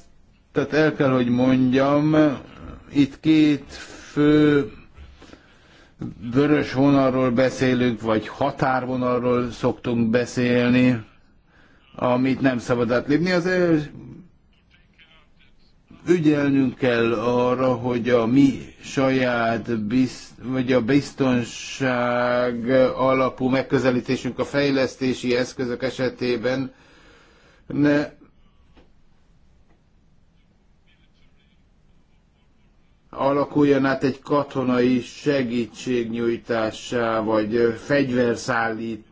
tehát el kell, hogy mondjam, itt két fő vörös vonalról beszélünk, vagy határvonalról szoktunk beszélni, amit nem szabad átlépni. Az ügyelnünk kell arra, hogy a mi saját bizt, vagy a biztonság alapú megközelítésünk a fejlesztési eszközök esetében ne alakuljon át egy katonai segítségnyújtássá, vagy fegyverszállít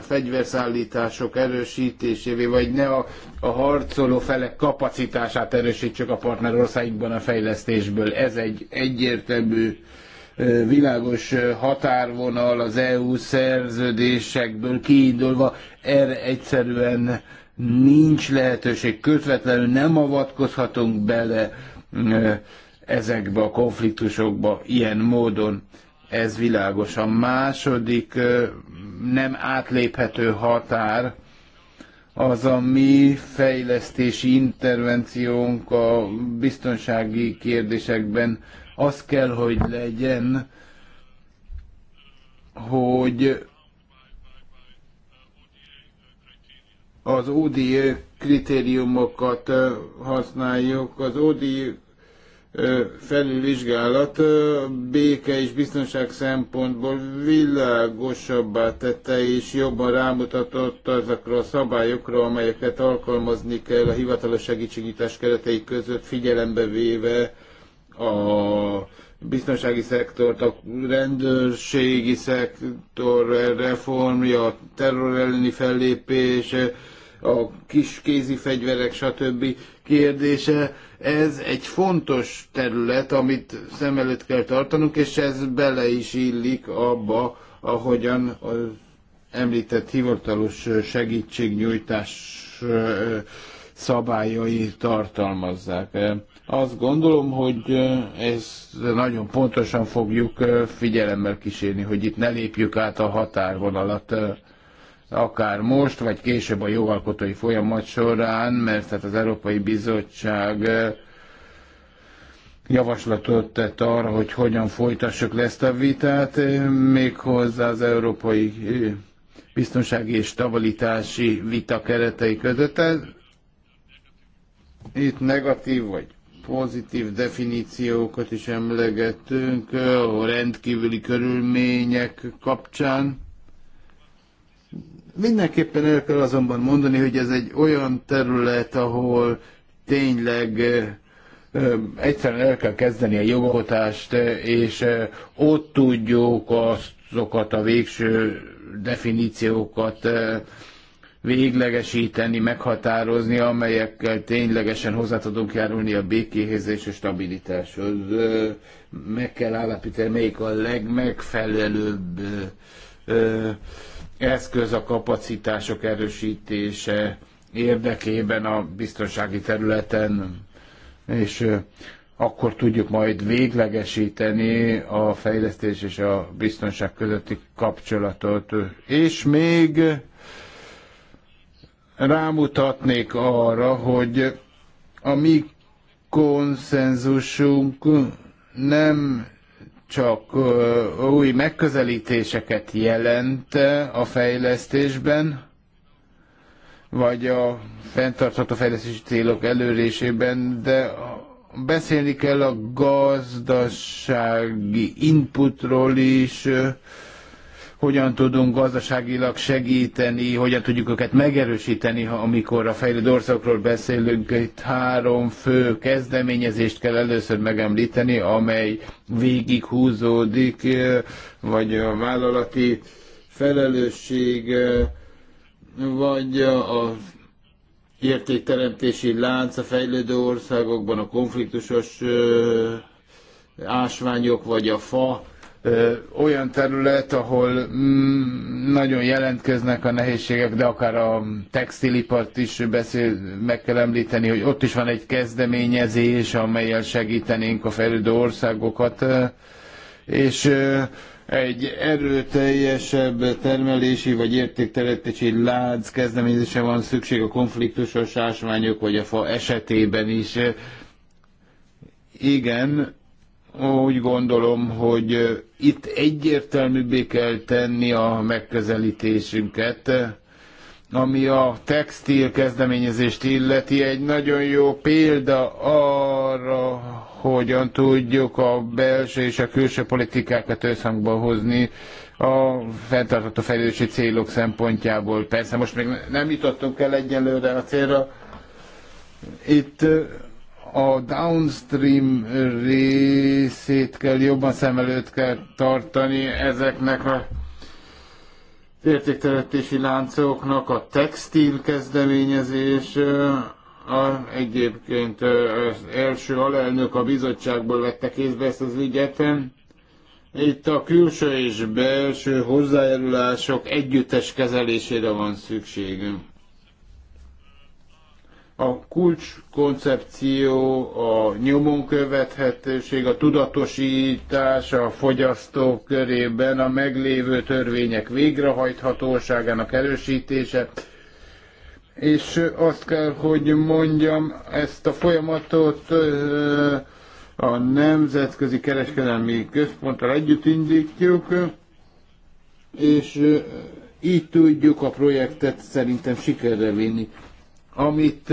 fegyverszállítások erősítésévé, vagy ne a, a harcoló felek kapacitását erősítsük a partnerországban a fejlesztésből. Ez egy egyértelmű világos határvonal az EU szerződésekből kiindulva, erre egyszerűen nincs lehetőség, közvetlenül nem avatkozhatunk bele ezekbe a konfliktusokba ilyen módon. Ez világos. A második nem átléphető határ az a mi fejlesztési intervenciónk a biztonsági kérdésekben az kell, hogy legyen, hogy az ODI e kritériumokat használjuk. Az ODI e felülvizsgálat béke és biztonság szempontból világosabbá tette és jobban rámutatott azokra a szabályokra, amelyeket alkalmazni kell a hivatalos segítségnyújtás keretei között figyelembe véve a biztonsági szektort, a rendőrségi szektor reformja, a terror elleni fellépés, a kis kézi fegyverek, stb. kérdése. Ez egy fontos terület, amit szem előtt kell tartanunk, és ez bele is illik abba, ahogyan az említett hivatalos segítségnyújtás szabályai tartalmazzák. Azt gondolom, hogy ezt nagyon pontosan fogjuk figyelemmel kísérni, hogy itt ne lépjük át a határvonalat akár most, vagy később a jogalkotói folyamat során, mert tehát az Európai Bizottság javaslatot tett arra, hogy hogyan folytassuk le ezt a vitát, méghozzá az Európai Biztonsági és Stabilitási Vita keretei között. Ez itt negatív vagy pozitív definíciókat is emlegettünk a rendkívüli körülmények kapcsán. Mindenképpen el kell azonban mondani, hogy ez egy olyan terület, ahol tényleg egyszerűen el kell kezdeni a jogalkotást, és ott tudjuk azokat a végső definíciókat véglegesíteni, meghatározni, amelyekkel ténylegesen hozzá tudunk járulni a békéhez és a stabilitáshoz. Meg kell állapítani, melyik a legmegfelelőbb eszköz a kapacitások erősítése érdekében a biztonsági területen, és akkor tudjuk majd véglegesíteni a fejlesztés és a biztonság közötti kapcsolatot. És még rámutatnék arra, hogy a mi konszenzusunk nem csak új megközelítéseket jelent a fejlesztésben, vagy a fenntartható fejlesztési célok előrésében, de beszélni kell a gazdasági inputról is, hogyan tudunk gazdaságilag segíteni, hogyan tudjuk őket megerősíteni, ha amikor a fejlődő országokról beszélünk. Itt három fő kezdeményezést kell először megemlíteni, amely végighúzódik, vagy a vállalati felelősség, vagy a értékteremtési lánc a fejlődő országokban, a konfliktusos ásványok, vagy a fa olyan terület, ahol mm, nagyon jelentkeznek a nehézségek, de akár a textilipart is beszél, meg kell említeni, hogy ott is van egy kezdeményezés, amelyel segítenénk a fejlődő országokat, és egy erőteljesebb termelési vagy értékteremtési lánc kezdeményezése van szükség a konfliktusos ásványok vagy a fa esetében is. Igen, úgy gondolom, hogy itt egyértelműbbé kell tenni a megközelítésünket, ami a textil kezdeményezést illeti, egy nagyon jó példa arra, hogyan tudjuk a belső és a külső politikákat összhangba hozni a fenntartható fejlődési célok szempontjából. Persze most még nem jutottunk el egyenlőre a célra. Itt a downstream részét kell jobban szem előtt kell tartani ezeknek a értékteremtési láncoknak, a textil kezdeményezés, a, egyébként az első alelnök a bizottságból vette kézbe ezt az ügyet. Itt a külső és belső hozzájárulások együttes kezelésére van szükségünk. A kulcs koncepció, a nyomon követhetőség, a tudatosítás a fogyasztók körében, a meglévő törvények végrehajthatóságának erősítése, és azt kell, hogy mondjam, ezt a folyamatot a Nemzetközi Kereskedelmi Központtal együtt indítjuk, és így tudjuk a projektet szerintem sikerre vinni. Amit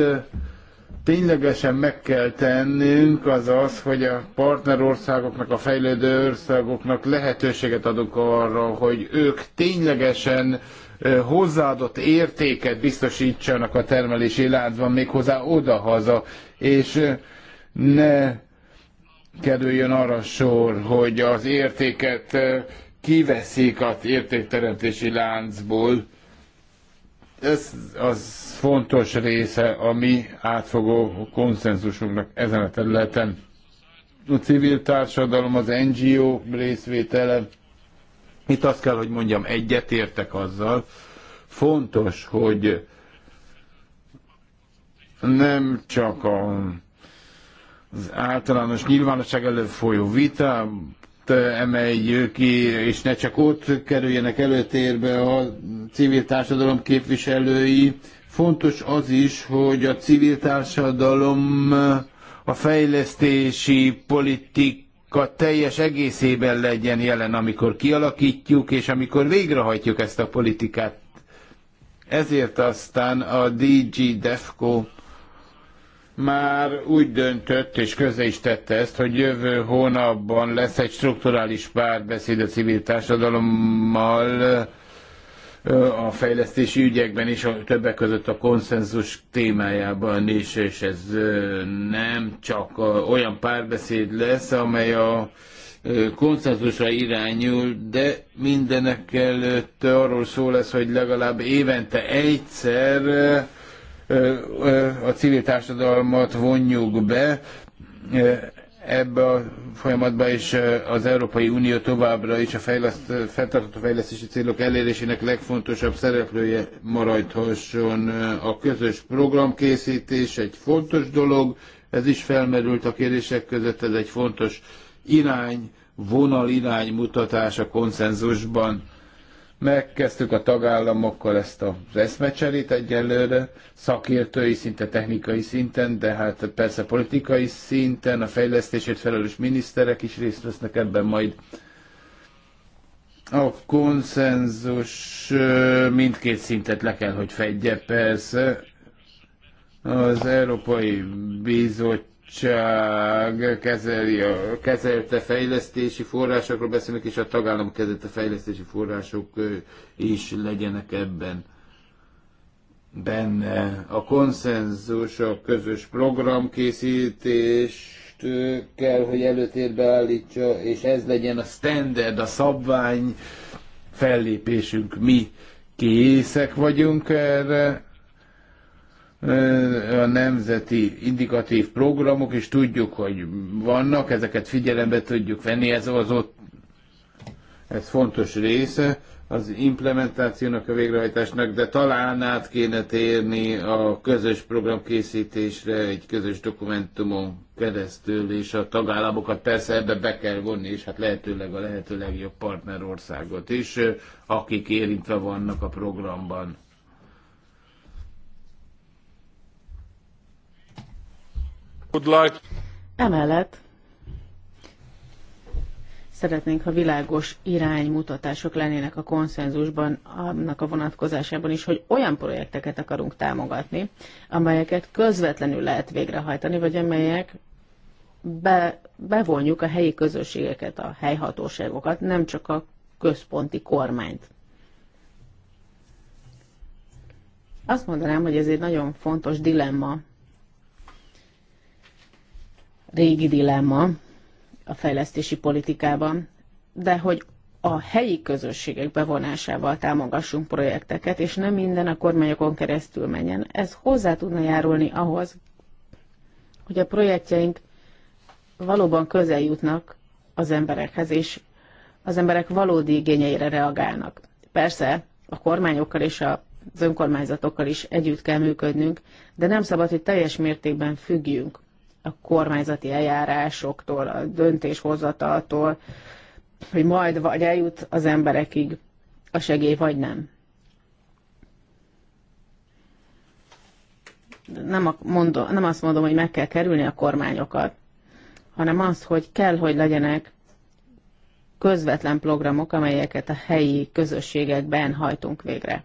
ténylegesen meg kell tennünk, az az, hogy a partnerországoknak, a fejlődő országoknak lehetőséget adunk arra, hogy ők ténylegesen hozzáadott értéket biztosítsanak a termelési láncban, méghozzá odahaza, és ne kerüljön arra sor, hogy az értéket kiveszik az értékteremtési láncból ez az fontos része a mi átfogó konszenzusunknak ezen a területen. A civil társadalom, az NGO részvétele, itt azt kell, hogy mondjam, egyetértek azzal, fontos, hogy nem csak a, az általános nyilvánosság előtt folyó vita Eh, emeljük ki, és ne csak ott kerüljenek előtérbe a civil társadalom képviselői. Fontos az is, hogy a civil társadalom eh, a fejlesztési politika teljes egészében legyen jelen, amikor kialakítjuk, és amikor végrehajtjuk ezt a politikát. Ezért aztán a DG DEFCO már úgy döntött, és közé is tette ezt, hogy jövő hónapban lesz egy strukturális párbeszéd a civil társadalommal a fejlesztési ügyekben és a többek között a konszenzus témájában is, és ez nem csak olyan párbeszéd lesz, amely a konszenzusra irányul, de mindenek előtt arról szó lesz, hogy legalább évente egyszer a civil társadalmat vonjuk be ebbe a folyamatba, és az Európai Unió továbbra is a fejleszt, fenntartható fejlesztési célok elérésének legfontosabb szereplője maradhasson. A közös programkészítés egy fontos dolog, ez is felmerült a kérdések között, ez egy fontos irány, vonal mutatás a konszenzusban Megkezdtük a tagállamokkal ezt az eszmecserét egyelőre, szakértői szinte, technikai szinten, de hát persze politikai szinten, a fejlesztését felelős miniszterek is részt vesznek ebben majd. A konszenzus mindkét szintet le kell, hogy fedje, persze. Az Európai Bizottság bizottság kezeli, kezelte fejlesztési forrásokról beszélünk, és a tagállam kezelte fejlesztési források is legyenek ebben benne. A konszenzus, a közös programkészítést kell, hogy előtérbe állítsa, és ez legyen a standard, a szabvány fellépésünk. Mi készek vagyunk erre, a nemzeti indikatív programok, és tudjuk, hogy vannak, ezeket figyelembe tudjuk venni, ez az ott, ez fontos része az implementációnak, a végrehajtásnak, de talán át kéne térni a közös programkészítésre egy közös dokumentumon keresztül, és a tagállamokat persze ebbe be kell vonni, és hát lehetőleg a lehető legjobb partnerországot is, akik érintve vannak a programban Emellett szeretnénk, ha világos iránymutatások lennének a konszenzusban, annak a vonatkozásában is, hogy olyan projekteket akarunk támogatni, amelyeket közvetlenül lehet végrehajtani, vagy amelyek be, bevonjuk a helyi közösségeket, a helyhatóságokat, nem csak a központi kormányt. Azt mondanám, hogy ez egy nagyon fontos dilemma régi dilemma a fejlesztési politikában, de hogy a helyi közösségek bevonásával támogassunk projekteket, és nem minden a kormányokon keresztül menjen. Ez hozzá tudna járulni ahhoz, hogy a projektjeink valóban közel jutnak az emberekhez, és az emberek valódi igényeire reagálnak. Persze a kormányokkal és az önkormányzatokkal is együtt kell működnünk, de nem szabad, hogy teljes mértékben függjünk a kormányzati eljárásoktól, a döntéshozataltól, hogy majd vagy eljut az emberekig a segély, vagy nem. Nem, a, mondom, nem azt mondom, hogy meg kell kerülni a kormányokat, hanem azt, hogy kell, hogy legyenek közvetlen programok, amelyeket a helyi közösségekben hajtunk végre.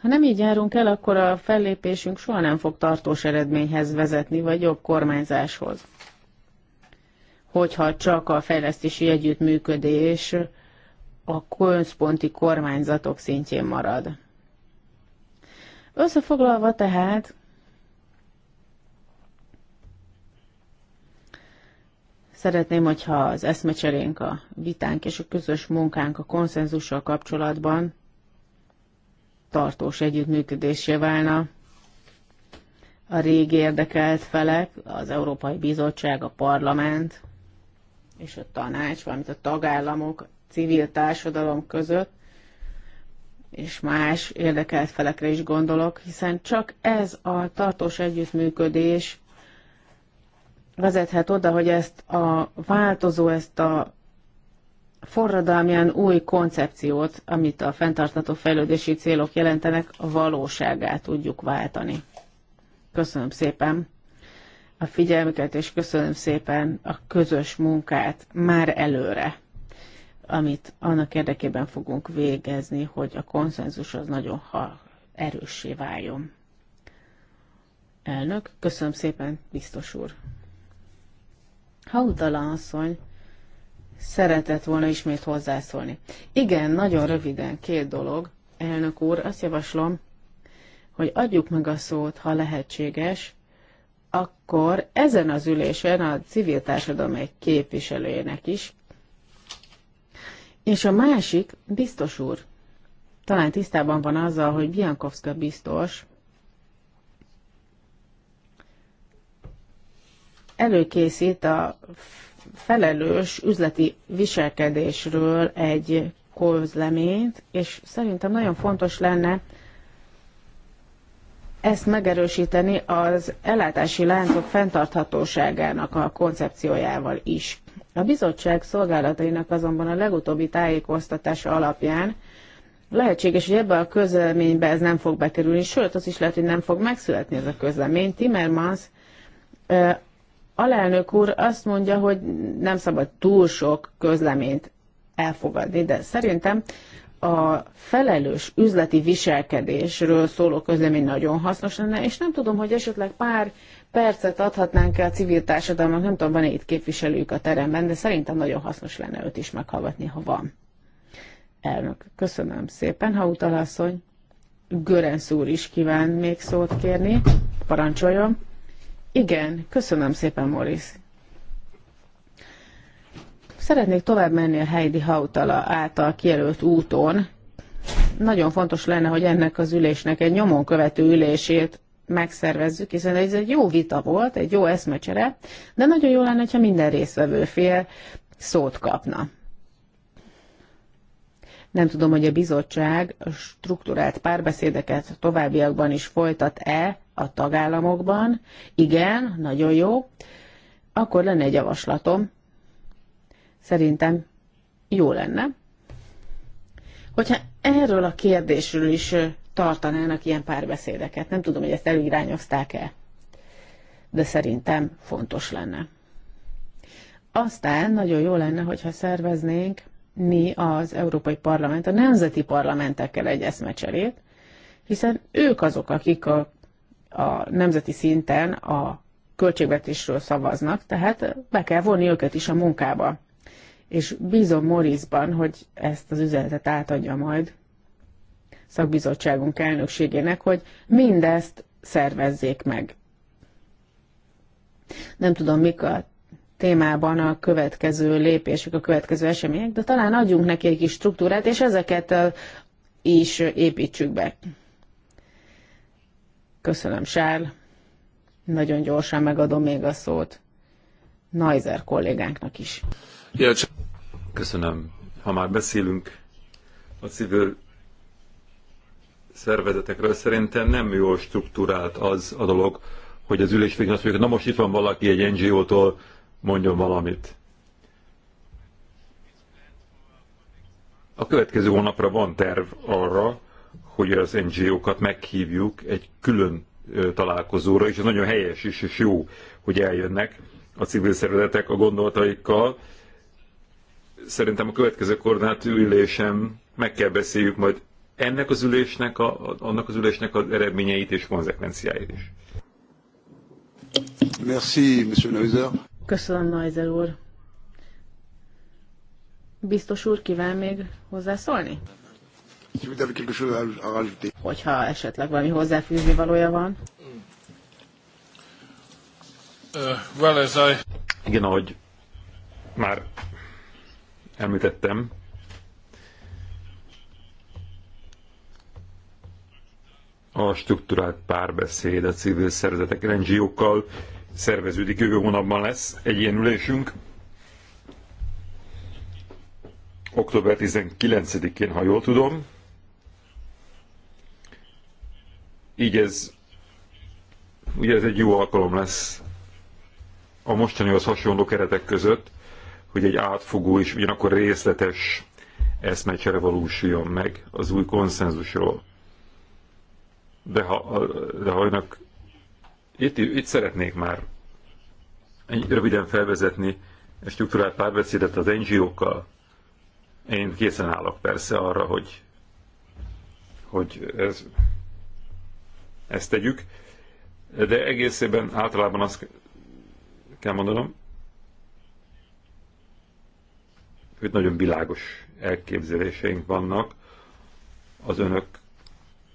Ha nem így járunk el, akkor a fellépésünk soha nem fog tartós eredményhez vezetni, vagy jobb kormányzáshoz. Hogyha csak a fejlesztési együttműködés a központi kormányzatok szintjén marad. Összefoglalva tehát, szeretném, hogyha az eszmecserénk, a vitánk és a közös munkánk a konszenzussal kapcsolatban tartós együttműködésé válna a régi érdekelt felek, az Európai Bizottság, a Parlament és a tanács, valamint a tagállamok, civil társadalom között, és más érdekelt felekre is gondolok, hiszen csak ez a tartós együttműködés vezethet oda, hogy ezt a változó, ezt a forradalmian új koncepciót, amit a fenntartató fejlődési célok jelentenek, a valóságá tudjuk váltani. Köszönöm szépen a figyelmüket, és köszönöm szépen a közös munkát már előre, amit annak érdekében fogunk végezni, hogy a konszenzus az nagyon ha erőssé váljon. Elnök, köszönöm szépen, biztos úr. Hautala asszony, szeretett volna ismét hozzászólni. Igen, nagyon röviden két dolog. Elnök úr, azt javaslom, hogy adjuk meg a szót, ha lehetséges, akkor ezen az ülésen a civil társadalom egy képviselőjének is. És a másik, biztos úr, talán tisztában van azzal, hogy Biankovska biztos előkészít a felelős üzleti viselkedésről egy közleményt, és szerintem nagyon fontos lenne ezt megerősíteni az ellátási láncok fenntarthatóságának a koncepciójával is. A bizottság szolgálatainak azonban a legutóbbi tájékoztatása alapján lehetséges, hogy ebbe a közleménybe ez nem fog bekerülni, sőt, az is lehet, hogy nem fog megszületni ez a közlemény. Timmermans alelnök úr azt mondja, hogy nem szabad túl sok közleményt elfogadni, de szerintem a felelős üzleti viselkedésről szóló közlemény nagyon hasznos lenne, és nem tudom, hogy esetleg pár percet adhatnánk el a civil társadalmak, nem tudom, van-e itt képviselők a teremben, de szerintem nagyon hasznos lenne őt is meghallgatni, ha van. Elnök, köszönöm szépen, ha utalasszony. Görensz úr is kíván még szót kérni. Parancsoljon! Igen, köszönöm szépen, Morris. Szeretnék tovább menni a Heidi Hautala által kijelölt úton. Nagyon fontos lenne, hogy ennek az ülésnek egy nyomon követő ülését megszervezzük, hiszen ez egy jó vita volt, egy jó eszmecsere, de nagyon jó lenne, ha minden résztvevő fél szót kapna. Nem tudom, hogy a bizottság struktúrált párbeszédeket továbbiakban is folytat-e a tagállamokban, igen, nagyon jó, akkor lenne egy javaslatom. Szerintem jó lenne, hogyha erről a kérdésről is tartanának ilyen párbeszédeket. Nem tudom, hogy ezt elirányozták-e, de szerintem fontos lenne. Aztán nagyon jó lenne, hogyha szerveznénk mi az Európai Parlament a nemzeti parlamentekkel egy eszmecserét, hiszen ők azok, akik a a nemzeti szinten a költségvetésről szavaznak, tehát be kell vonni őket is a munkába. És bízom Morizban, hogy ezt az üzenetet átadja majd szakbizottságunk elnökségének, hogy mindezt szervezzék meg. Nem tudom, mik a témában a következő lépések, a következő események, de talán adjunk neki egy kis struktúrát, és ezeket is építsük be. Köszönöm, Sár. Nagyon gyorsan megadom még a szót Najzer kollégánknak is. Ja, csak Köszönöm. Ha már beszélünk a civil szervezetekről, szerintem nem jól struktúrált az a dolog, hogy az ülés végén azt mondjuk, na most itt van valaki egy NGO-tól, mondjon valamit. A következő hónapra van terv arra, hogy az NGO-kat meghívjuk egy külön találkozóra, és ez nagyon helyes is, és jó, hogy eljönnek a civil szervezetek a gondolataikkal. Szerintem a következő koordinátor ülésem meg kell beszéljük majd ennek az ülésnek, a, annak az ülésnek az eredményeit és konzekvenciáit is. Merci, Monsieur Neuser. Köszönöm, Neuser úr. Biztos úr, kíván még hozzászólni? Hogyha esetleg valami hozzáfűzni valója van. Uh, well, as I... Igen, ahogy már említettem, a struktúrált párbeszéd a civil szervezetek NGO-kkal szerveződik. Jövő hónapban lesz egy ilyen ülésünk. Október 19-én, ha jól tudom. Így ez, ugye ez egy jó alkalom lesz a mostanihoz hasonló keretek között, hogy egy átfogó és ugyanakkor részletes eszmecsere valósuljon meg az új konszenzusról. De ha, de ha önök itt, itt szeretnék már egy röviden felvezetni egy struktúrált párbeszédet az NGO-kkal. Én készen állok persze arra, hogy, hogy ez ezt tegyük, de egészében általában azt kell mondanom, hogy nagyon világos elképzeléseink vannak az önök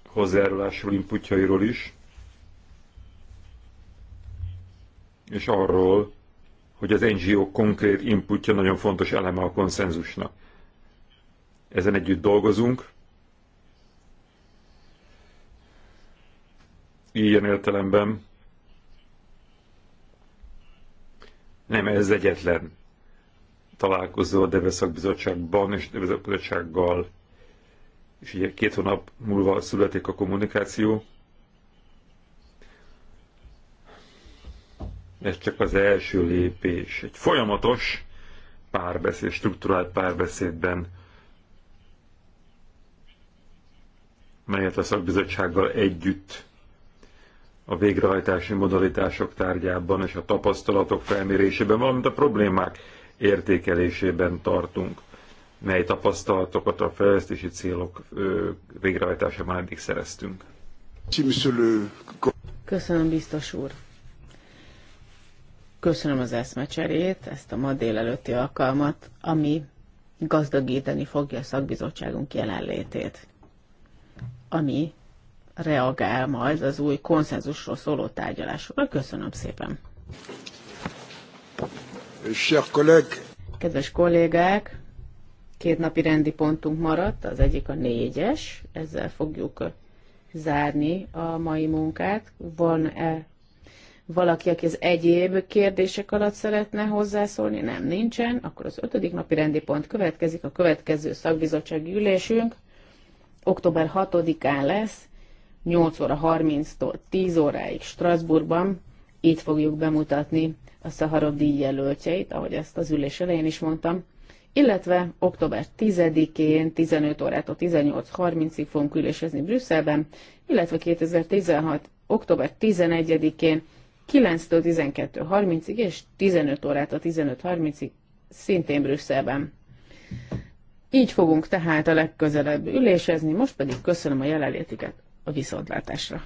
hozzájárulásról, inputjairól is, és arról, hogy az NGO konkrét inputja nagyon fontos eleme a konszenzusnak. Ezen együtt dolgozunk, ilyen értelemben. Nem, ez egyetlen találkozó a Deve és Deve szakbizottsággal, és ugye két hónap múlva születik a kommunikáció. Ez csak az első lépés. Egy folyamatos párbeszéd, struktúrált párbeszédben, melyet a szakbizottsággal együtt a végrehajtási modalitások tárgyában és a tapasztalatok felmérésében, valamint a problémák értékelésében tartunk, mely tapasztalatokat a fejlesztési célok végrehajtásában eddig szereztünk. Köszönöm, biztos úr! Köszönöm az eszmecserét, ezt a ma délelőtti alkalmat, ami gazdagítani fogja a szakbizottságunk jelenlétét, ami reagál majd az új konszenzusról szóló tárgyalásokra. Köszönöm szépen! Kedves kollégák, két napi rendi pontunk maradt, az egyik a négyes, ezzel fogjuk zárni a mai munkát. Van-e valaki, aki az egyéb kérdések alatt szeretne hozzászólni? Nem, nincsen. Akkor az ötödik napi rendi pont következik, a következő szakbizottsági ülésünk október 6-án lesz, 8 óra 30-tól 10 óráig Strasbourgban. Itt fogjuk bemutatni a Szaharov díj jelöltjeit, ahogy ezt az ülés elején is mondtam, illetve október 10-én 15 órától 18.30-ig fogunk ülésezni Brüsszelben, illetve 2016. október 11-én 9-től 12.30-ig és 15 órától 15.30-ig szintén Brüsszelben. Így fogunk tehát a legközelebb ülésezni, most pedig köszönöm a jelenlétüket a viszontlátásra.